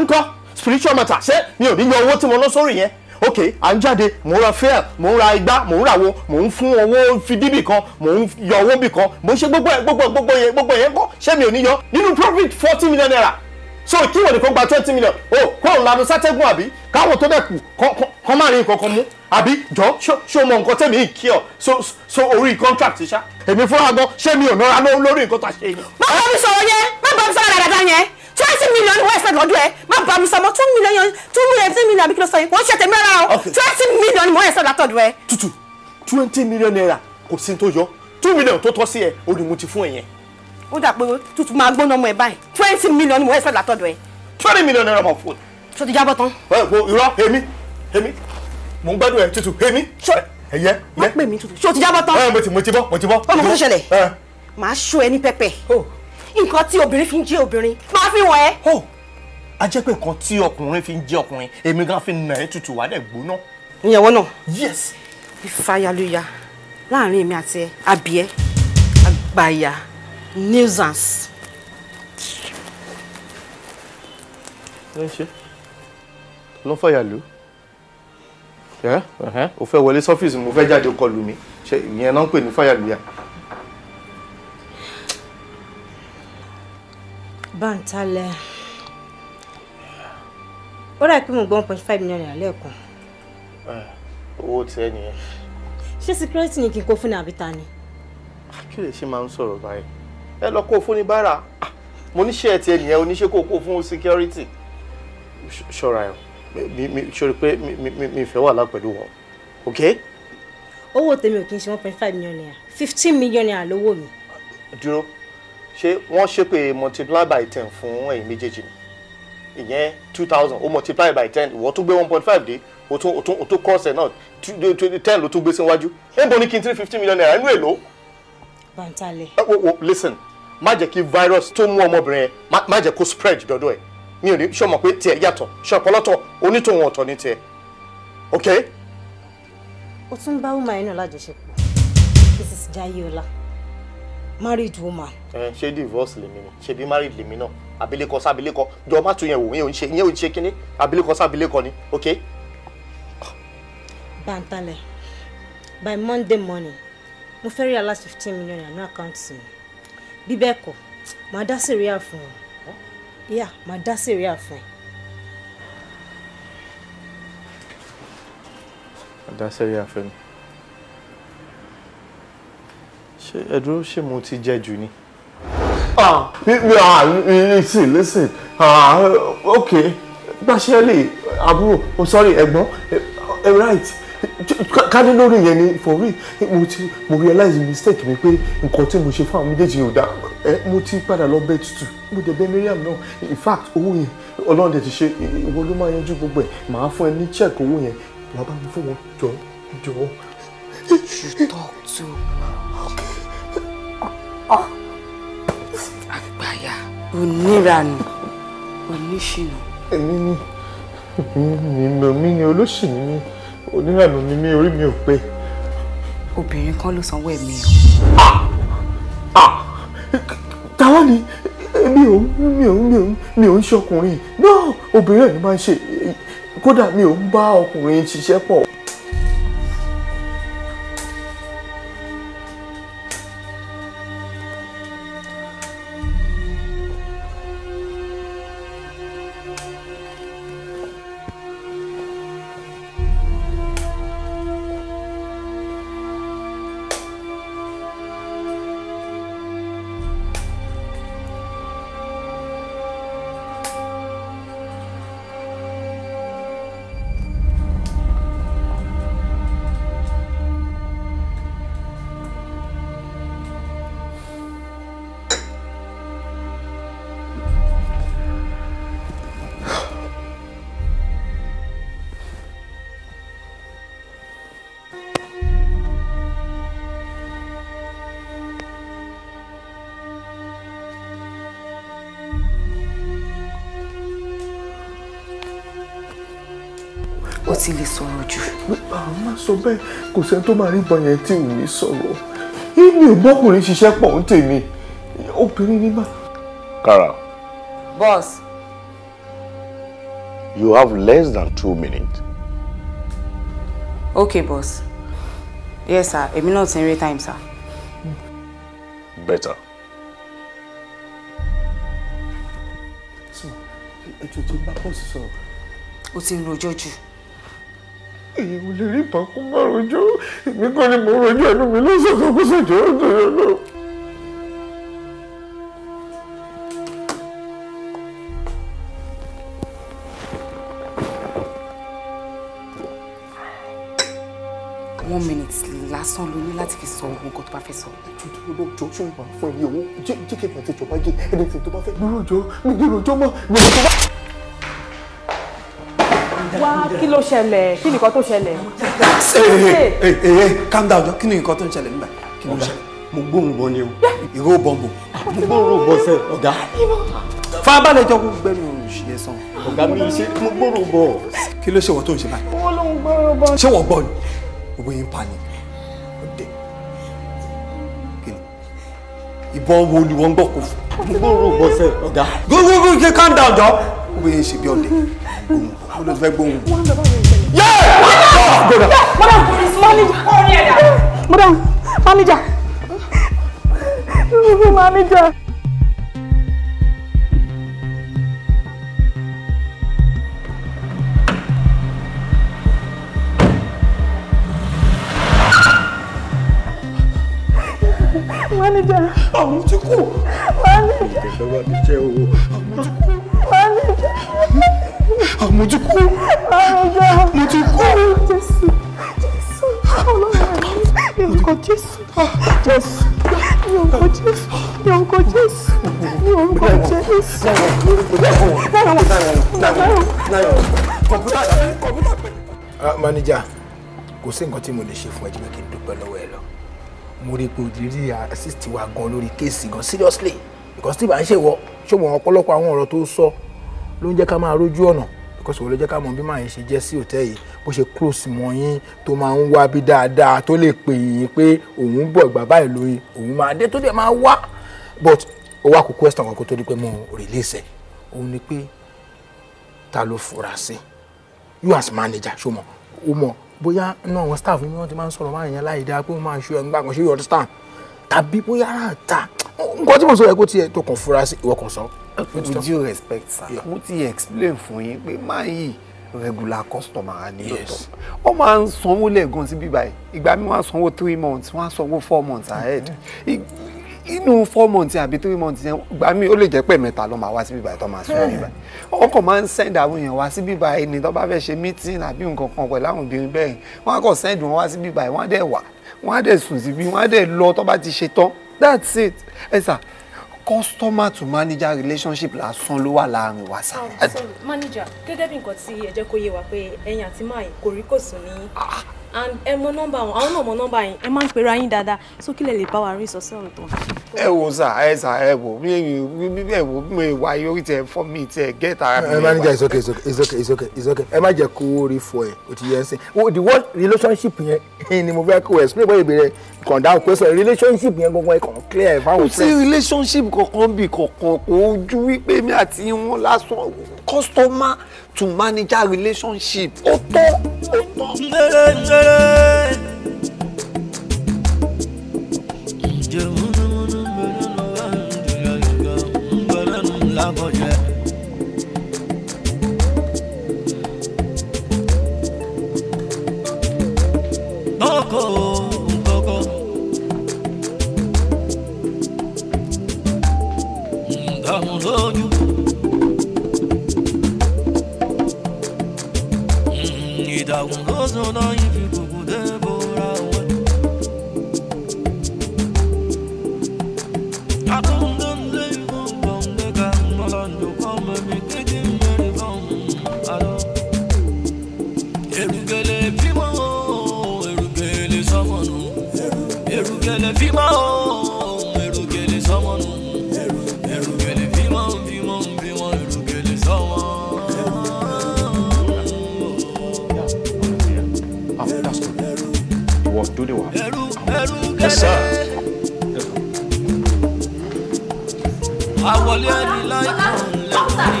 spiritual matter ṣé mi ò ní yọ owó tí mo lọ sórí yẹn ok à ń jáde mò ń ra fair mò ń ra igbá mò ń ràwo mò ń fún owó fi díbì kan mò ń yọ owó bì kan mò ń ṣe gbogbo ẹ gbogbo gbogbo yẹn gbogbo yẹn kọ́ ṣé mi ò ní yọ nínú profit forty million naira so kí wọ́n ní kó gba twenty million o oh, kó òun lanu sátẹ́gùn àbí káwọn tó bẹ̀ kù kọ́ máa rí nǹkan kan mú àbí jọ ṣó mọ nǹkan tẹ̀mí kí ọ so orí contract ṣá èmi fúnra gan ṣé mi ò nọra lórí nǹkan tó ṣe yìí. má bá mi sọ̀rọ̀ yẹn má bá mi sọ̀rọ̀ dáadáa yẹn twenty million wọ́n ẹ̀sẹ̀ lọ́dún ẹ̀ má bá mi sọ̀rọ̀ two million two million three million àbí kí ló sọ yìí wọ́n ṣe tèmi rárá o twenty million wọ́n ẹ̀sẹ̀ látọ̀dún ẹ̀. Tutu, twenty million naira kò sí tó yọ two million tó tọ́ sí ẹ o ni mo ti fún ẹ yẹn. ó dà pé tutù máa gbóná ọmọ ẹ báyìí twenty million wọ́n ẹ̀sẹ̀ látọ̀dún ẹ. twenty million naira mọ̀ fún. sọ ti jábọ̀ tán. ẹ gbọ́ irọ́ èmi mò ń gbádùn ẹ tútù èmi ẹyẹ. má pè mí tútù ṣó ti jábọ́ tán. ẹ mo ti mo ti bọ́ mo ti bọ́. ọmọ kò ṣẹlẹ̀ màá ṣó ẹ ní pẹpẹ oh. nǹkan tí obìnrin fi ń jẹ obìnrin máa fi wọn ẹ. Oh. a jẹ́ pé nǹkan tí ọkùnrin fi ń jẹ ọkùnrin èmi gan fi nà ẹ́ tútù wà á dẹ̀ gbóná. ìyàwó náà. yes. ìfayaluya láàrin èmi àti ẹ abiyẹ àgbàyà nuisance. ló ń ṣe ló ń fàyà o fẹ́ wọlé sọ́fíìsì mo fẹ́ jáde kọlù mi ṣe ìyẹn náà ń pè ní fàyàlùyà. báńtálẹ̀ ó dà pé mo gbọ́ one point five million naira lẹ́ẹ̀kan. owó tiẹ̀ nìyẹn. ṣé síkírẹ́tì ni kí n kó fún ní àbíta ni. kí lè ṣe máa ń sọ̀rọ̀ báyìí ẹ lọ kó fún ah, ní bára mo níṣẹ́ ẹ̀ tiẹ̀ nìyẹn oníṣẹ́ kó kó fún security ṣọ́ra ẹ̀ mi mi sori pé mi mi mi fẹ́ wàhálà pẹ̀lú wọn ok. owó tèmi ò kì í ṣe one point five million naira fifteen million naira lówó mi. dúró ṣé wọ́n ṣépè multiply by ten fún ẹ̀yin méjèèjì ni ìyẹn two thousand ó multiply by ten ìwọ tún gbé one point five dé o tún o tún o tún kọ́ọ̀sẹ̀ náà ten ló tún gbé síwájú níbo ni kí n three fifty million naira inú èlò. bàǹtálẹ̀. listen má jẹ́ kí virus tó mú ọmọbìnrin yẹn má jẹ́ kó spread dọ́dọ̀ ẹ̀ mi ò rí ṣé o mọ̀ pé tiẹ̀ yàtọ̀ ṣé ọ̀pọ̀lọ́tọ̀ onítòhun ọ̀tọ̀ ni tiẹ̀ ok. o tún bá woman yìí náà lájọṣepọ̀ Jayola married woman. ẹ ṣé divorce lèmi ni ṣe bí married lèmi náà abilékọ sábilékọ jọ má tún yẹn wò yẹn ò ń ṣe yẹn ò ń ṣe kínní abilékọ sábilékọ ni ok. bàǹtálẹ̀ by monday morning mo fẹ́ rí alas fifteen million nínú àkáǹtì mi bí kọ́ màá dá sí rí àfihàn yà máa dá sẹ̀ríà My ẹ. dá sẹ̀ríà fún mi ṣé ẹ̀dúró ṣé mo ti jẹ́ jù ni. ah, ah listen listen ah okay gbàṣẹ́lẹ̀ àbúrò oh sorry ẹ̀gbọ́n eh, eh, right kádé lórí yẹn ni for real mo ti mo realize mistake mi pé nǹkan tí mo ṣe fún àwọn méjèèjì ò dá ẹ mo ti padà lọ bẹ tutù mo dẹ̀ bẹ náà in fact owó yẹn ọlọ́run dẹ̀ ti ṣe ìwọ ló máa yanjú gbogbo ẹ̀ màá fún ẹ ní check owó yẹn wàá bá mi fún wọn jọ jọ. you talk too much. àgbáyà onírànù oníṣìnà. èmi ni èmi ni olóṣèlú mi onírànù ni mí orí mi ò pé. obìnrin kan ló sanwó ẹ̀mí o. Ah! Ah! tàwa ni mi ò mi ò mi ò mi ò ń ṣọkùnrin náà obìnrin ẹ̀ ló máa ń ṣe kódà mi ò ń bá ọkùnrin ṣiṣẹ́ pọ̀. sọ bẹ́ẹ̀ kò sẹ́ni tó máa rí ìbọn yẹn tí ò ní sọ̀rọ̀ èmi ò bọ́kùnrin ṣiṣẹ́ pọ̀ ń tèmi obìnrin ni mà. Kara. Boss. You have less than two minutes. Okay, boss. Yes, sir. Èmi náà ti ń rí time, sir. Better. Sọ, ètò ìjọba bọ́ọ̀sì sọ̀rọ̀. O ti ń rojọ́ jù èyí ò lè rí ìtàn kó má rojọ́ èmi kò ní mo rojọ́ ẹnu mi lọ́sọ̀kan kó sọ̀jọ́ ọ̀dọ̀yọ̀ lọ. one minute lásán ló ní láti fi sọ ohun nǹkan tó bá fẹ́ sọ. jọjọ jọ ṣé ìwà fún ẹni owó jẹ́ kí n àti jẹ ẹni tí tó bá fẹ́. mi ò mi ò jọ mi ò jọ wá kí ló ṣẹlẹ̀ kí ni nǹkan tó ṣẹlẹ̀. Eh, eh, eh, calm down jọ kí ni nǹkan tó ń ṣẹlẹ̀ nígbà kí ló ṣẹlẹ̀. mo gbóhùn bọ ni o ìró bọ̀m̀bọ̀ mo gbóhùn bọ sẹ ọ̀gá. fábàlẹ̀ jọ gbogbo ẹni òun ṣì yẹ sàn. ọ̀gá mi ṣe mo gbóhùn bọ̀. kí ló ṣe wọ́n tó ń ṣe báyìí. wọ́n ló ń gbóhùn bọ̀. ṣé wọ́n gbọ́ ni gbogbo yín pa ni ọ̀dẹ̀ ìbọn wo ni wọ́n gbọ́ kó fún. mo gbóhùn bọ̀ sẹ ọ̀gá. gbogbo gbogbo calm down jọ gbogbo yín ṣe bí ọ̀dẹ̀ gbogbo kó ló fẹ́ gbóhùn. madam manager manager. manager. Àwọn ti kú. Manager. Ìjọba mi jẹ́ owó. Manager. Ah, mo ti kú mo ti kú. jésù jésù ọlọ́run àná ní orúkọ jésù jésù ní orúkọ jésù ní orúkọ jésù ní orúkọ jésù. Ah, manager kò sí nǹkan tí mo lè ṣe fún ẹ jẹ́ kí n dúpẹ́ lọ́wọ́ ẹ lọ mo rí i pé òdìrí assist wa gan lórí kéèsì gan seriously because tí bá ń ṣèwọ ṣé mo ọ̀pọ̀lọpọ̀ àwọn ọ̀rọ̀ tó sọ ló ń jẹ́ ká máa rójú ọ̀nà because òun ló jẹ́ ká mọ bí màá ṣe jẹ́ sí òtẹ́ yìí bó ṣe close mọ́ yín tó máa ń wá bí dáadáa tó lè pè yín pé òun bọ̀ ìgbà báyìí lóyún òun máa dé tó dẹ̀ máa wá but ó wá kó question kan kó tó di pé mo release ẹ̀ òun ni pé ta ló fura sí you as manager ṣó mọ̀ ó mọ̀ bóyá náà àwọn staff mi wọ́n ti máa ń sọ̀rọ̀ máa yẹn láì dáa pé wọ́n máa ṣe ẹgbẹ́ àkànṣe you understand tàbí bóyá ara ta nǹkan tí mo sọ yẹ kó tiẹ̀ tó kàn fura sí ìwọ kàn sọ with due respect sir mo ti explain fún yín pé máa yìí regular customer ni lóòótọ́ wọ́n máa ń sanwó lẹ́ẹ̀gan síbí báyìí ìgbà mi wọ́n á sanwó three months wọ́n á sanwó four months ahead inú four months àbí three months yẹn ìgbà mi ó lè jẹ́ pé mẹ́ta ló máa wá síbí báyìí tó máa sọ hmm. bíbá wọ́n máa ń send àwọn èèyàn wá síbí báyìí ni tó bá fẹ́ ṣe meeting àbí nǹkan kan pẹ̀lú àwọn obìnrin bẹ́ẹ̀ wọ́n á kàn send wọn wá síbí báyìí wọ́n á dẹ̀ wà wọ́n á dẹ̀ sùn síbí wọ́n á dẹ̀ lọ tó bá ti ṣe tán that's it ẹ sà customer to manager relationship lásán ló wà láàrin wa sá. Ah, manager gẹ́gẹ́ bí nǹkan tí ẹ jẹ́ kó yé wa pé ẹ̀yin àti máa kò sùn ní ah, and ẹ mọ nọ́mbà wọn àwọn náà mọ nọ́mbà yẹn ẹ máa ń pera yín dáadáa so kílẹ̀ lè bá wa rí ìsọsẹ́ ọ̀rọ̀ tó ẹ wo sà ẹ sà ẹ wo mi ẹ wo mi wá yọrí tẹ fọ mi tẹ gẹ tara ẹ má níjà it's okay it's okay it's okay it's okay ẹ má jẹ kó rí fọ ẹ o ti yẹ ẹ sìn o the word relationship yẹn ni mo fẹ́ kó explain bọ́ ìbéèrè kàn dáhùn relationship yẹn gangan ẹ kàn clear ẹ fáwọn friends. kò sí relationship kankan bí kankan kò ojú wípé mi àti wọn lásán customer to manage our relationship. ó tọ́ ó tọ́. lere lere. Yeah. ogun ló sùn lọ́yìn fi kù. lè wà. ẹ àwọlé ẹni láì kàn lẹ́kọ̀ọ́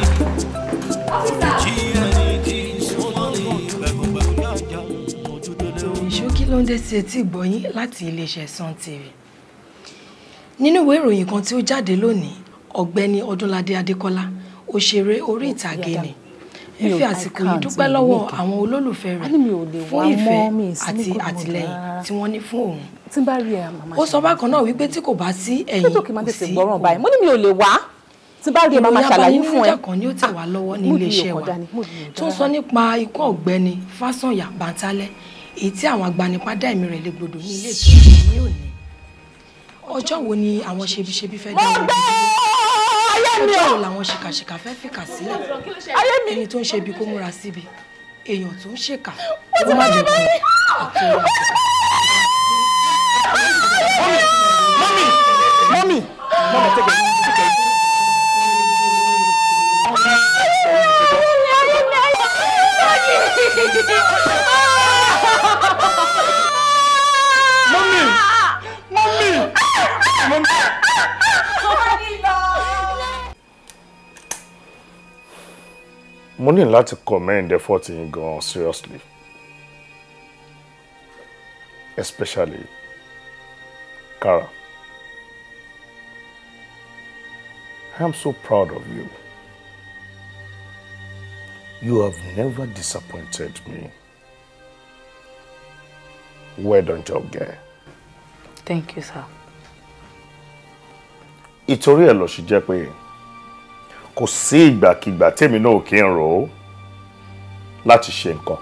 jí tí etí ìgbọ̀yìn láti iléeṣẹ́ Sun TV nínú ìwé ìròyìn kan tí ó jáde lónìí ọ̀gbẹ́ni Ọdúnládé Adékọ́lá òṣèré orí ìtàgé ni ẹ fi àsìkò yìí dúpẹ́ lọ́wọ́ àwọn olólùfẹ́ rẹ̀ fún ìfẹ́ àti àtìlẹ́yìn tí wọ́n ní fún òun. tí n bá rí ẹ màmá ṣe. ó sọ bákan náà wípé tí kò bá sí ẹ̀yìn kò sí òun. kí ló kì í gbọ́ràn báyìí mo ní mi ò lè wá tí bá rí ẹ màmá ṣàlàyé fún ẹ. ìròyìn kan ni ó tẹ̀ wá lọ́wọ́ ní iléeṣẹ́ wa tó ń sọ nípa ikú ọ̀gbẹ́ni fásànyà bàǹtálẹ́ èyí tí àwọn agbanipa dá ẹ̀mí rẹ̀ légbodò ní ilé ìtura ní òní ọjọ́ wo ni àwọn ṣebíṣebí fẹ́ dá wọn mi o. ọjọ́ làwọn ṣìkàṣìkà fẹ́ fìkà sílẹ̀ ẹni tó ń ṣe ibi kó múra síbi èèyàn tó ń ṣèkà kó má jẹ kó àti ìwà mọ́mì mọ́mì mọ́mì mọ́mì mọ́mì mọ́mì. mo ní láti commend effort yín gan seriously especially Kara I am so proud of you you have never disappointed me Where don't you get? thank you sir. ìtorí ẹ̀ lọ sí jẹ́ pé kò sí ìgbàkigbà tèmi náà kì í rò ó láti ṣe nǹkan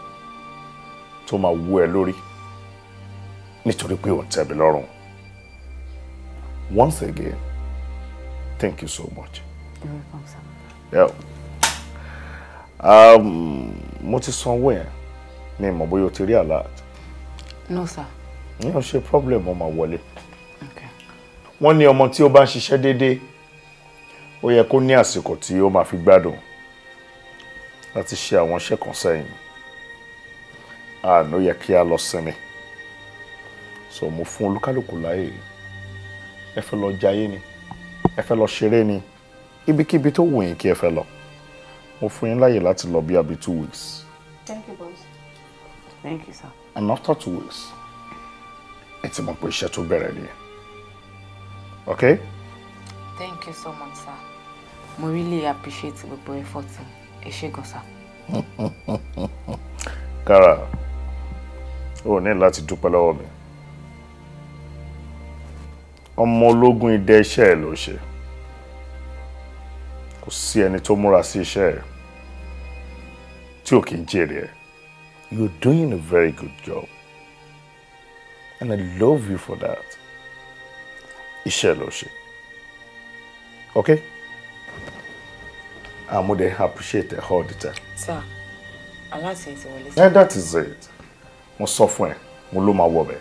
tó máa wú ẹ lórí nítorí pé ò ń tẹ́ lọ́rùn once again thank you so much. welcome, sir. Yeah. Um, mo ti sanwó yẹn ní ìmọ̀ bóyá o ti rí àlá. no sir. ní o ṣe problem ọmọ wọlé. okay. wọ́n ní ọmọ tí ó bá ń ṣiṣẹ́ déédéé ó yẹ kó ní àsìkò tí ó máa fi gbádùn láti ṣe àwọn iṣẹ́ kan sẹ́yìn àná yẹ kí a lọ sinmi so mo fún olúkálùkù láàyè ẹ fẹ́ lọ jayé ni ẹ fẹ́ lọ ṣeré ni ibikíbi tó wù yín kí ẹ fẹ́ lọ mo fún yín láàyè láti lọ bí abi two weeks. thank you boss. thank you sir. and after two weeks ẹ ti mọ̀ pé iṣẹ́ tó bẹ̀rẹ̀ nìyẹn okay. thank you so much sir mo really appreciate gbogbo effort ẹ ṣé gan sa. Kara, o ní láti dúpẹ́ lọ́wọ́ mi ọmọ ológun idẹ iṣẹ́ ẹ̀ ló ṣe kò sí ẹni tó múra sí iṣẹ́ ẹ̀ tí ò kì í jèrè ẹ̀ you're doing a very good job and I love you for that iṣẹ́ ló ṣe okay. Ah, I'm mo dey appreciate the all the Sir, sir aláṣẹ ti wọlé. ẹ that is it mo sọ fún ẹ mo ló máa wọ bẹ.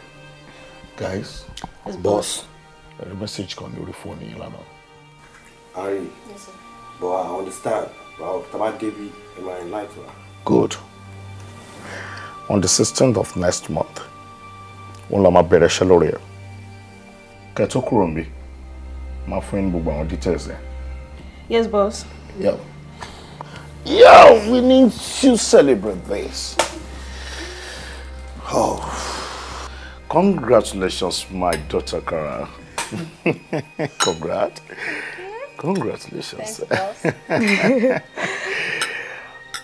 guys yes, boss ẹ̀rí message kan lórí fóònù yìí lánàá. ari but i understand but taba debi in my life. good on the 16th of next month wọn la máa bẹ̀rẹ̀ iṣẹ́ lórí ẹ̀ kẹ́ẹ̀ tó kúrò níbí máa details there. yes boss. Yeah. Yo, we need to celebrate this. Oh, congratulations, my daughter Kara. Congrats. Congratulations. Thanks,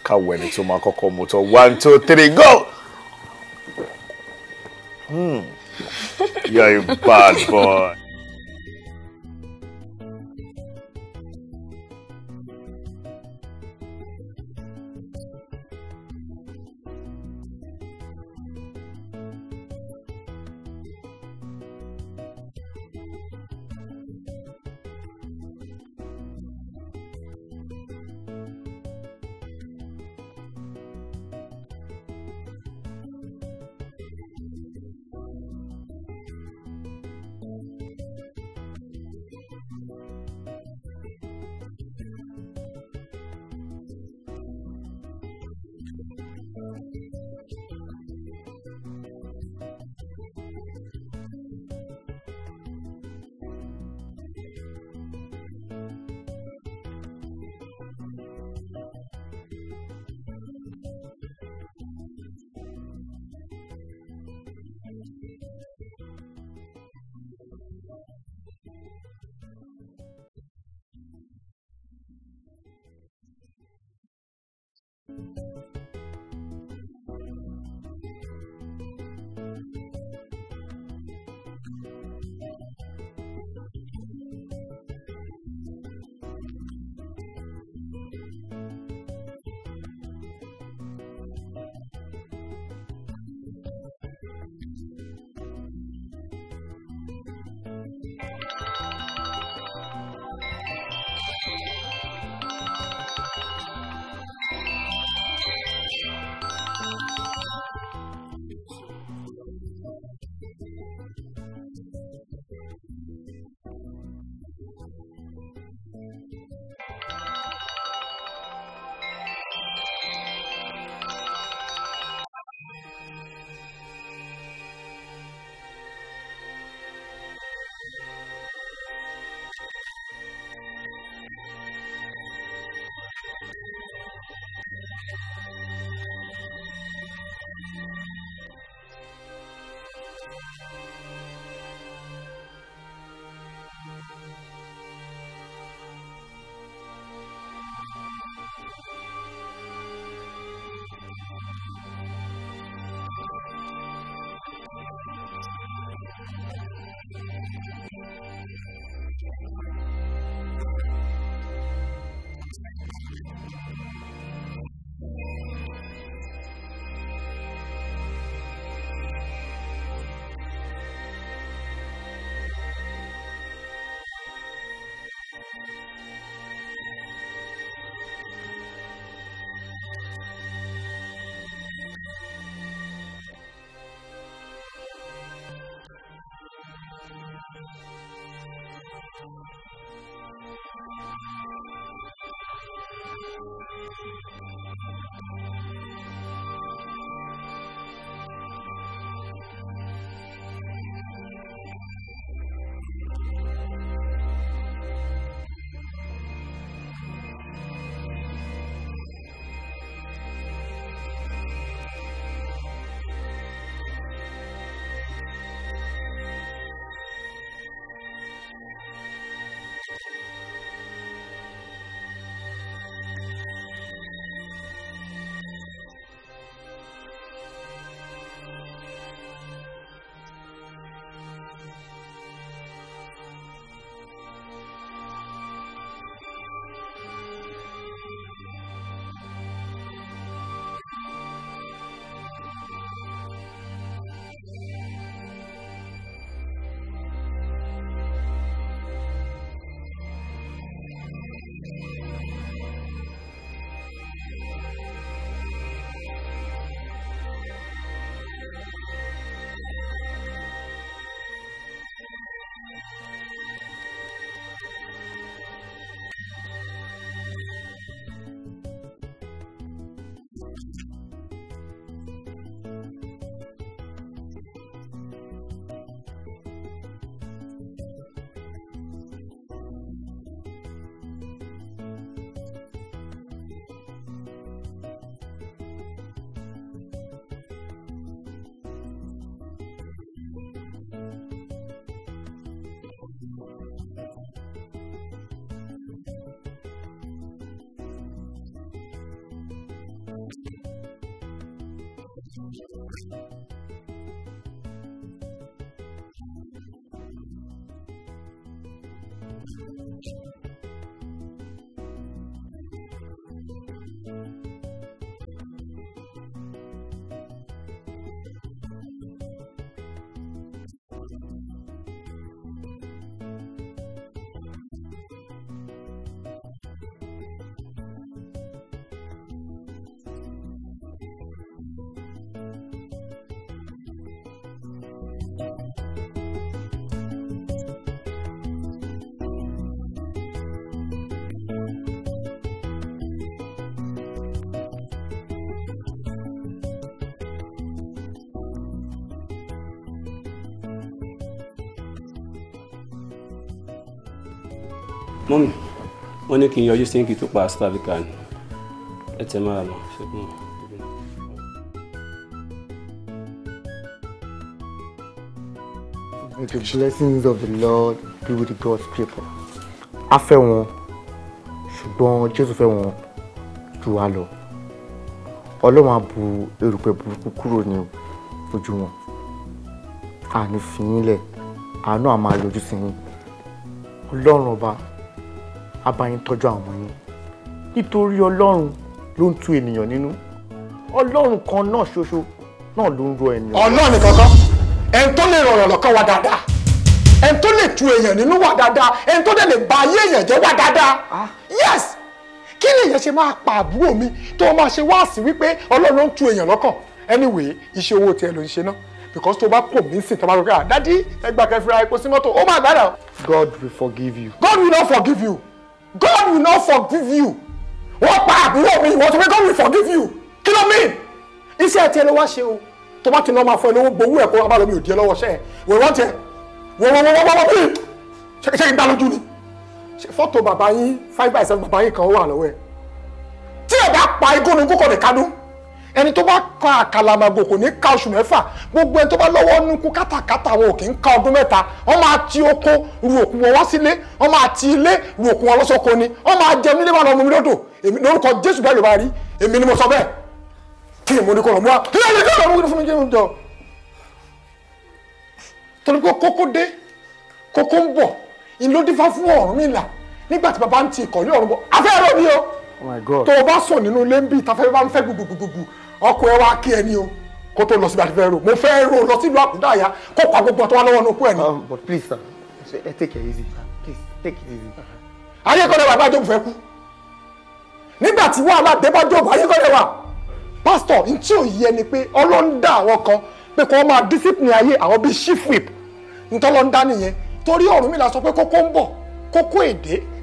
Kawẹni tó máa kọ́kọ́ mú one two three go. Hmm. You're a bad boy. Thank you. mọ́mì wọ́n ní kí n yọjú sí kí n tó pa astafika ni ẹ tẹ̀ máa lọ ṣùgbọ́n. the blessings of the Lord be with God's people. A fẹ́ wọn ṣùgbọ́n Jésù fẹ́ wọn jù wá lọ. Ọlọ́run á bu erùpẹ̀ burúkú kúrò ní ojú wọn. Àní fi yín lẹ̀, àánú á máa yọjú sí yín. Ọlọ́run ọba á bá yín tọ́jú àwọn ọmọ yín nítorí ọlọ́run ló ń tu ènìyàn nínú ọlọ́run kan náà ṣoṣo náà ló ń ro ènìyàn. ọ̀nà nìkan kan ẹni tó lè rọ̀rọ̀ lọ́kàn wá dáadáa ẹni tó lè tu èèyàn nínú wà dáadáa ẹni tó lè ba ayé èèyàn jẹ́ wà dáadáa ah. yes kí lèèyàn ṣe máa pa àbúrò mi tó máa ṣe wáàsí wípé ọlọ́run ló ń tu èèyàn lọ́kàn anyway iṣẹ́ owó tiẹ̀ ló ń ṣe náà because tó bá pò mí sìn tó bá rọgbà dádì ẹgbàá kẹfìrà epo sí ó máa gbádà. God will forgive you. God will not forgive you. God will not forgive you. Wọ́n pa àbúrò mi ìwọ tó pé God will forgive you. Kí ló mean? Iṣẹ́ ti ẹni wá ṣe o. Tó bá ti lọ́ máa fọ ẹni owó gbowó ẹ̀kọ́ wá bá lọ mi ò di ẹ lọ́wọ́ ṣẹ́ ẹ̀. Wò wọ́n tẹ. Wò wọ́n wọ́n wọ́n wọ́n ṣe ṣe ń lójú ni. Fọ́tò bàbá yín five by seven bàbá yín kan wà lọ́wọ́ ẹ̀. Tí ẹ̀ bá pa igónugún kọ̀ọ̀dẹ̀ kánú ẹni tó bá ka àkàlàmàgò kò ní ka oṣù mẹ́fà gbogbo ẹni tó bá lọ́wọ́ nukú kátàkátà wọn ò kì í ka ọdún mẹ́ta wọ́n máa ti oko ru òkú wọn wá sílé wọ́n máa ti ilé ru òkú wọn lọ́sọ̀kọ ni wọ́n máa jẹ nílé wọn ọmọ mi lọ́dọ̀ èmi lórúkọ Jésù bẹ́ẹ̀ ló bá rí èmi ni mo sọ bẹ́ẹ̀ kí èmi ní kò lọ mú wa kí èmi ní kò lọ mú fún mi jẹun jọ. torí pé kókó dé kókó ń bọ̀ ìlódífá fún Ọ̀rúnmìlà nígbà tí bàbá ń ti ìkọ̀lé ọ̀run bọ̀ afẹ́ ẹ̀rọ ni o oh tó o bá sùn nínú ilé ń bí ìtafẹ́ bá ń fẹ́ gbùgbùgbùgbù ọkọ ẹwà wá kí ẹ o kó tó lọ síbi àti rò mo fẹ́ rò lọ sílùú àkúdàyà kó pa gbogbo ọtọ́ wa lọ́wọ́ ní okú ẹ̀ but please sir ẹ take it easy please take it easy. ayékọ́lẹ̀ wà fẹ́ kú nígbà tí wàhálà dé bá jókòó n tí ò pé ọlọ́ńdà àwọn kan pé máa discipline ayé àwọn bíi sọ pé kókó ń bọ̀ kókó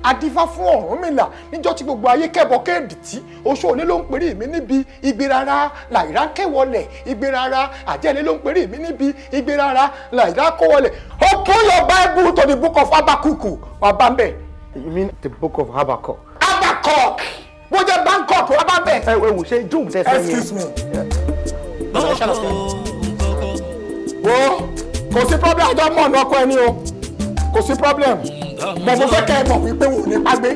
adífá fún Ọ̀rúnmìlà níjọ́ tí gbogbo ayé kẹ́bọ kéèdì tí oṣó òní ló ń perí mi níbi ìgbérara làìrá kẹwọlẹ̀ ìgbérara àjẹ́lẹ̀ ló ń perí mi níbi ìgbérara làìrá kọwọlẹ̀ open your bible to the book of Habakkuk wà bá you mean the book of Habakkuk. Habakkuk bó jẹ́ Bangkok wà bá ń ẹ wò ṣe dùn tẹ fẹ́ yẹn. excuse me. wo kò sí problem àjọ mọ̀ ọ̀nà ọkọ ẹni o kò sí problem bọ̀ mo fẹ́ kẹ́ ẹ mọ̀ wípé wò ní págbé.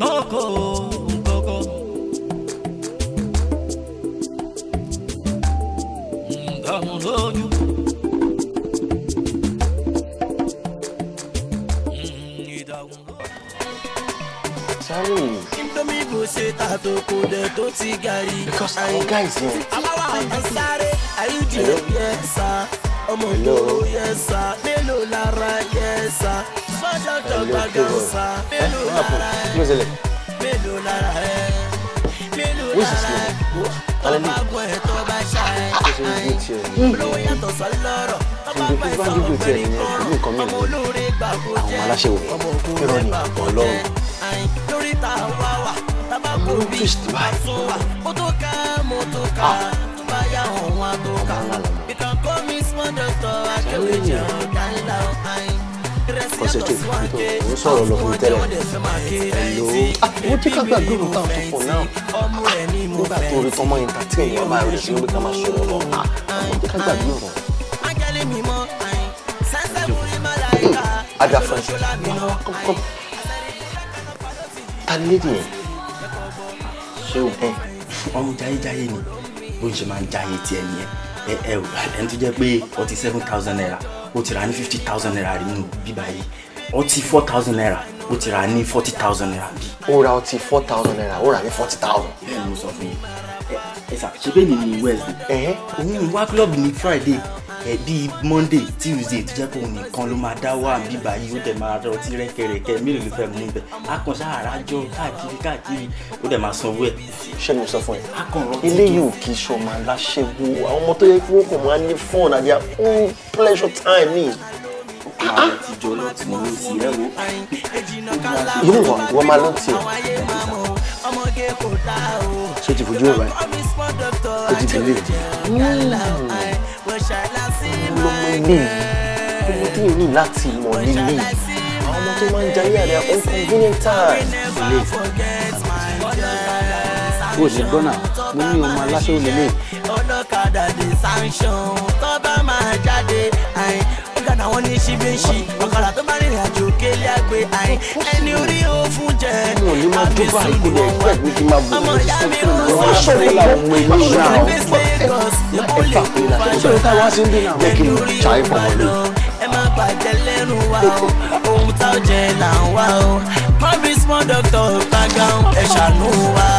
Boko, Boko. Ndàmú lójú. Indomie bó ṣe ta Because our guys here. Àbáwá ọ̀nà ọmọ ìlú yẹsà mélòó lára yẹsà sọjọ dọgba gansa mélòó lára ẹ mélòó lára ẹ mélòó lára ẹ tọba gbọ ẹ tọba ṣá ẹ olówó yàtọ̀ sọlọ́rọ̀ tọba gbọ ẹ sọ̀rọ̀ pẹ̀lú kọrọ ọmọ olóore gbà kó ọmọ olóore gbà kó jẹ lórí ta wá wà tabako bí àsùnwà mọ́tò ká mọ́tò ká ah. tó bá yà ọ̀hún àtọ́ká ọ̀sẹ̀ tó ń sọ̀rọ̀ lọ fún tẹ́lẹ̀ ẹ̀lò àwọn tí ká gbàgbé òun táwọn tó fọ̀ náà nígbà tó rí tọmọ yẹn tàtí èèyàn bá rẹ̀ sí pé ká máa sọ̀rọ̀ lọ àwọn tí ká gbàgbé òun. ada french kọ́kọ́ ta ni lédi yẹn ṣé o gbọ́n ọmọ jayéjayé ni bó ń ṣe máa ń jayé tiẹ̀ nìyẹn ẹ ẹ ẹni tó jẹ́ pé ọtí seven thousand naira ó ti ra ní fifty thousand naira rí nù bíbá yìí ọtí four thousand naira ó ti ra ní forty thousand naira bí. ó ra ọtí four thousand naira ó ra ní forty thousand. bẹ́ẹ̀ ni mo sọ fún yín ẹ ẹ sà ṣe bẹ́ẹ̀ ni ní Wednesday. ẹ̀hẹ́ òun wá club ní Friday bíi monday tuesday tó jẹ́ pé òun nìkan ló máa dá wà bí báyìí ó dẹ̀ máa rọtí rẹ́kẹrẹkẹ mélòó ló fẹ́ mú ibẹ̀ akànṣá àràjọ káàkiri káàkiri ó dẹ̀ máa sanwó ẹ̀. ṣé mo sọ fún ẹ ilé yìí ò kì í ṣọmọ aláṣẹwó àwọn ọmọ tó yẹ kí wọn kò máa ní fún ọ̀nà àbí àwọn pleasure time ni àwọn ìtìjọ náà tí mo ń sí ẹ̀rọ. irú wọn wọn máa lọ́ọ̀tì ẹ̀ ṣé o ti fojú ọ̀rọ̀ ẹ̀ ti bẹ̀rẹ̀ ọmọ ilé ọmọ tí yìí ní láti mọ̀ nílé ọmọ tó máa ń jayé àrẹ inconvenient time. bó o ṣe gbọ́ mo ní ọmọ aláṣẹ òlélẹ̀. ọlọ́kadà dé sanction tó bá máa jáde àìn táwọn ní ṣíbí ń ṣí ọ̀kadà tó bá rìnrìn àjò kélé àgbẹ̀ àyìn ẹni orí ó fún jẹ àbísùn ìwọ̀n ọmọ ìyá mi ń sọ pé ọmọ ìbísí Lagos yóò lè kú fàṣọ ẹni orí ó máa lọ ẹ má bàjẹ́ lẹ́nu wa o ohun tá ò jẹ là ń wá o public small doctor gbàgán ẹ ṣàánú wa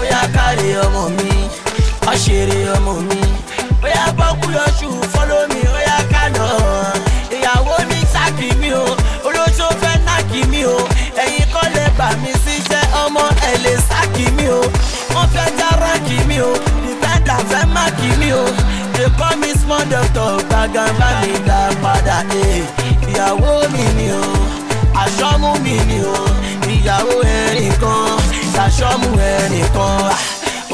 ó káre ọmọ mi ọ̀ṣẹ̀rẹ̀ ọmọ mi ó yá bọ́kú yọṣù. mi o defender fẹ́ máàkì mi o dey call me small doctor gbàgànbá mi dá padà ẹ̀ eh. ìyàwó mi ni o aṣọ́mú mi ni o ìyàwó ẹnìkan ṣàṣọ́mú ẹnìkan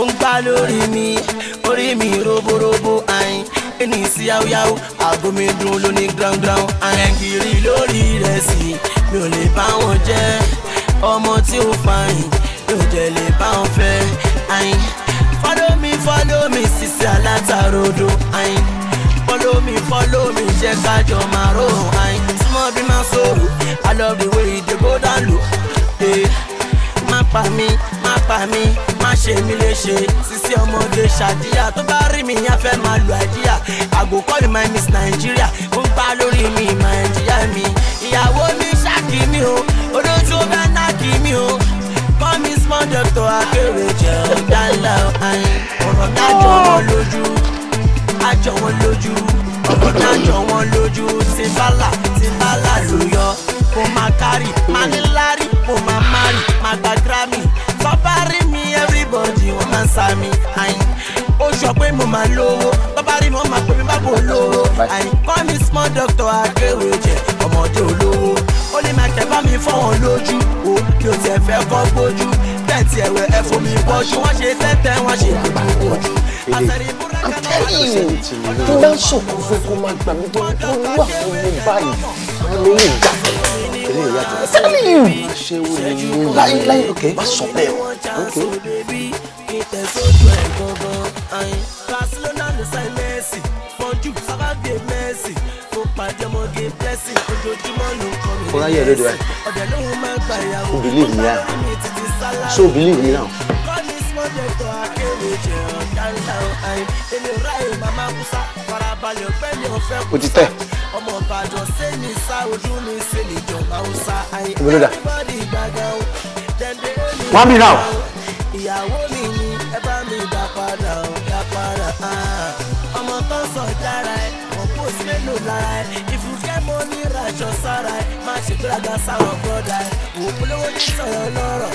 ó ń gbá lórí mi orí mi roborobo ayin ẹni sí yáwóyáwó àgọ́ mi dùn lóní gírangírang ayin kiri lórí rẹ̀ sí mi ò lè bá wọn jẹ́ ọmọ tí ó fa yìí mi ò jẹ́ lè bá wọn fẹ́ ayin follow me follow me sisi alátàrodo ayin follow me follow me jẹ́ kájọ máa rò ayin small be my soul i love the way you dey go down low. Hey. Eh, má pa mí má pa mí má ṣe mí léṣe sisi ọmọdé ṣàdíyà tó bá rí mi yẹn fẹ́ máa lu àdíyà àgò kọ́lù my miss Nigeria ń pa lórí mi Nigeria mi ìyàwó mi ṣáàkì mi o. lọ́jọ́ tó akérè jẹ́ ọ̀dà ńlá ayé wọn lójú àjọ wọn lójú ọ̀rọ̀ dájọ́ wọn lójú ti bálà ti bálà ló yọ mo máa kárì máa ní lárí mo máa márì máa gba grammy bàbá rí mi everybody wọ́n máa ń sa mi ó sọ pé mo máa lówó bàbá rí mi wọ́n máa pè mí bábò lówó call me small doctor akérè jẹ́ ọmọdé olówó ó ní máa kẹ́ bá mi fọ́ lójú o mi ò tiẹ̀ fẹ́ gbójú tẹ́ǹtì ẹ̀wẹ̀ ẹ fomi pọ̀jù wọ́n ṣe tẹ́ǹtẹ̀ wọ́n ṣe àgbàpọ̀ jù. I'm telling you tó bá ń ṣòkò fúnfún máa gbà mí tó wà fún mi báyìí àwọn ló lè jà ilé ìyá tó. telling you ṣé o lè mú láíláí ok má sọ bẹ́ẹ̀ o ok. Barcelona ló sáyé Messi fọjú sábàgbé Messi tó pàdé ọmọge blessing ojoojúmọ́ ló kọ́ mi. fúnra yẹ̀ lóde wa. ọ̀dẹ̀ lóhun máa gbà ìyàwó. believe me ah so believe me now. o ti tẹ. ìbúlò dà. wọ́n bí náà. ìyàwó mi ni ẹ bá mi dá padà ó dá padà ọmọ tó sọ jára ẹ kò sí mélòó lára ẹ ìfúkẹ́ mo ní ìràjọ sára ẹ má ṣe gbéraga sáwọn bọ́dà ẹ òun lówó ní sọ̀rọ̀ lọ́rọ̀.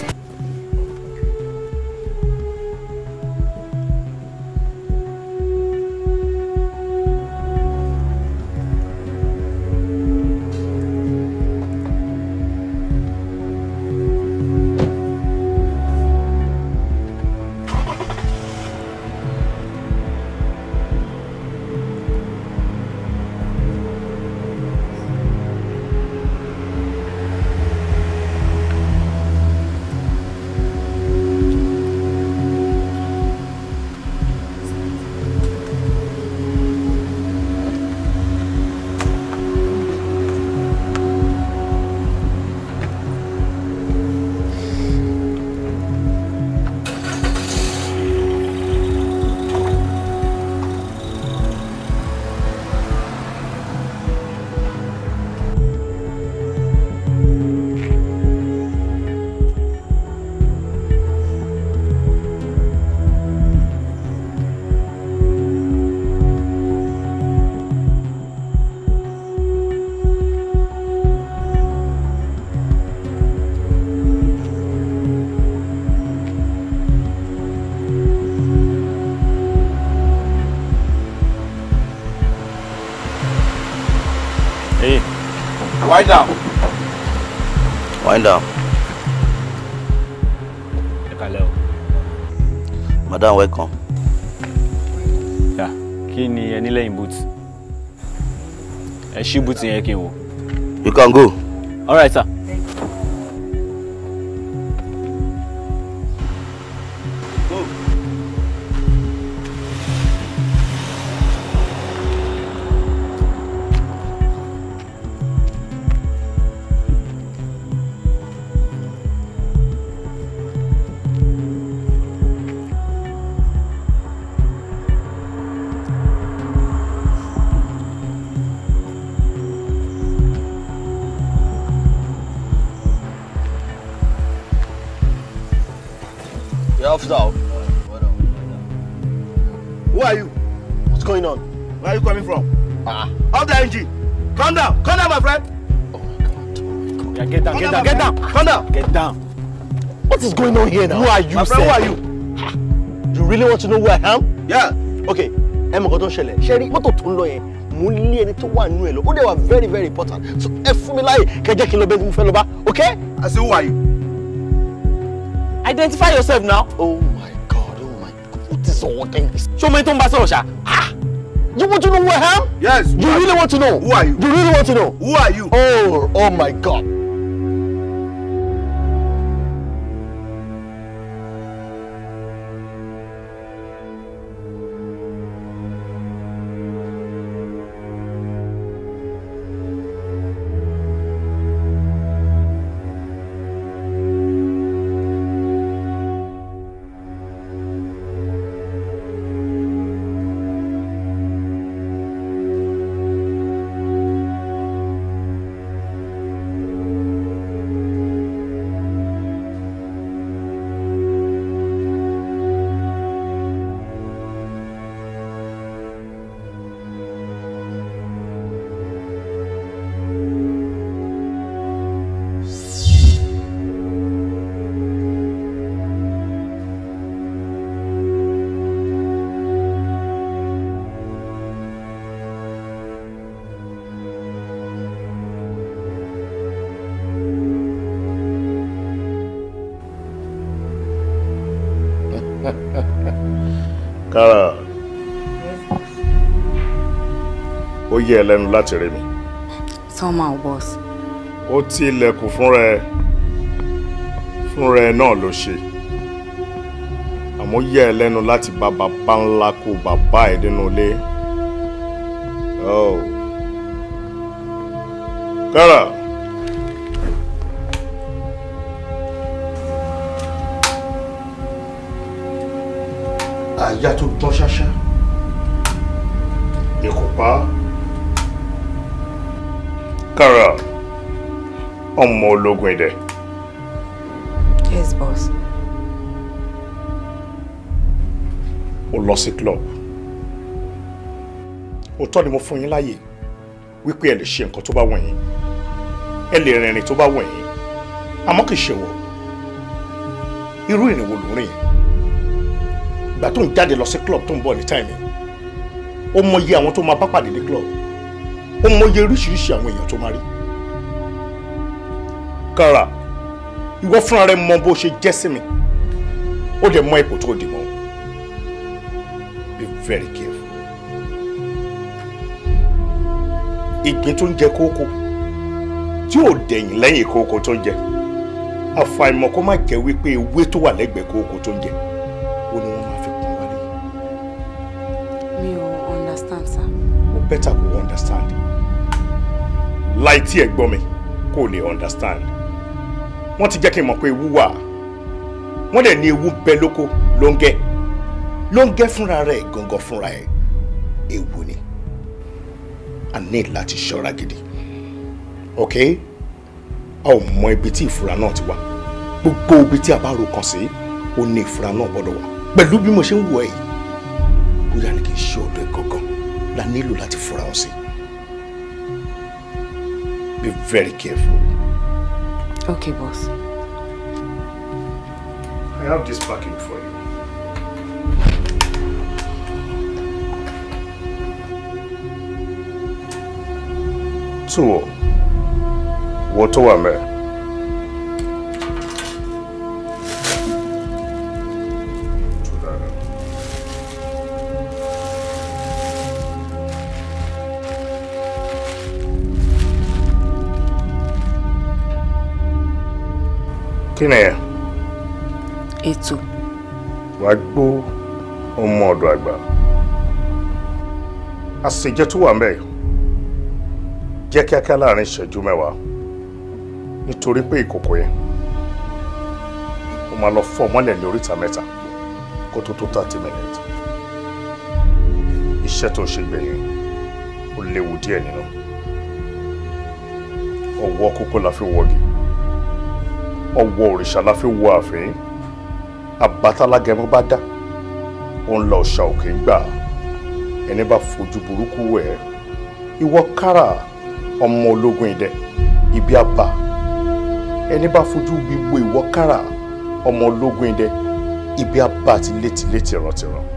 Wind down. Wind down. Ẹ kálẹ́ o. Madam welcome. Ya, kí ni ẹni lẹ́yìn boot? Ẹ ṣí boot yẹn kí n wò. You can go. All right, sir. you, My friend, who are you? You really want to know who I am? Yeah. Okay. Ẹ mọ̀ nǹkan tó ń ṣẹlẹ̀. Ṣé rí mọ́tò tó ń lọ yẹn? Mo ń lé ẹni very very important. So if fún mi láyè kẹ́ jẹ́ kí n lọ Okay? I say who are you? Identify yourself now. Oh my God, oh my God, what is all this? Show me mọ ẹni Ah! You want to know who I am? Yes. You really want to know? Who are you? You really want to know? Who are you? Oh, oh my God. yẹ ẹ lẹ́nu láti rí mi. somehow boss. ó ti ilẹ̀kùn fúnra ẹ fúnra ẹ náà ló ṣe àmọ́ yẹ ẹ lẹ́nu láti bá bàbá ńlá kó bàbá ẹ nínú ilé. Oh. Kára. àyà tó gbọ́n ṣáṣá. ìkùpá. Kara ọmọ ológun idẹ. yes boss. o lọ sí club òótọ́ ni mo fún yín láàyè wípé ẹ lè ṣe nǹkan tó bá wọ̀n yín ẹ lè rìnrìn tó bá wọ̀n yín àmọ́ kì í ṣe wọ̀ irú ìrìn ló rìn ìgbà tó ń jáde lọ sí club tó ń bọ̀ ní táìmì ó mọ iye àwọn tó máa bá pàdé ní club ó mọyé oríṣiríṣi àwọn èèyàn tó máa rí kàrà ìwọ fúnra rẹ mọ bó ṣe jẹ́ sí mi ó dẹ̀ mọ ipò tó dì mọ́ be very careful ìgbín tó ń jẹ kókó tí ò dẹ̀yìn lẹ́yìn kókó tó ń jẹ àfàìmọ̀ kó má jẹ́ wípé ewé tó wà lẹ́gbẹ̀ẹ́ kókó tó ń jẹ ó ní wọ́n máa fi kún wálé. mi ò understand sir. ó bẹ́tà kó understand láì tí ẹ gbọ́ mi kò lè understand wọ́n ti jẹ́ kí n mọ̀ pé ewu wà wọ́n dẹ̀ ní ewu bẹ lóko ló ń gẹ́ ló ń gẹ́ fúnra rẹ̀ gangan fúnra ẹ̀ ewu ni a ní láti ṣọ́ra gidi ok a ò mọ ibi tí ìfura náà ti wá gbogbo ibi tí a bá ro kàn sí ó ní ìfura náà gbọ́dọ̀ wá pẹ̀lú bí mo ṣe ń wọ̀ ẹ́ yìí bóyá ni kì í ṣe ọ̀dọ̀ ẹ̀ gangan la nílò láti fura wọn sí i. be very careful. Okay, boss. I have this packing for you. Two. What to kí ni ẹ. ètò. wàá gbó ọmọ ọ̀dọ̀ àgbà àṣejẹ tó wà mẹ́ẹ̀ jẹ́ kíákíá láàrin ìṣẹ́jú mẹ́wàá nítorí pé ìkòkò yẹn ó máa lọ fọ́ mọ́lẹ̀ ní oríta mẹ́ta kó tó tó thirty minutes iṣẹ́ tó ṣe gbẹ̀yìn ó léwu díẹ̀ nínú ọwọ́ kókó la fi wọ́gi ọwọ́ òrìṣà la fi wo ààfin àbátalágẹmọ bá dá òun la òòṣà òkè ń gbà ẹni bá fojú burúkú wẹ̀ ìwọ kára ọmọ ológun idẹ ibi àbá ẹni bá fojú gbígbó ìwọ kára ọmọ ológun idẹ ibi àbá ti létí létí rántí rántí.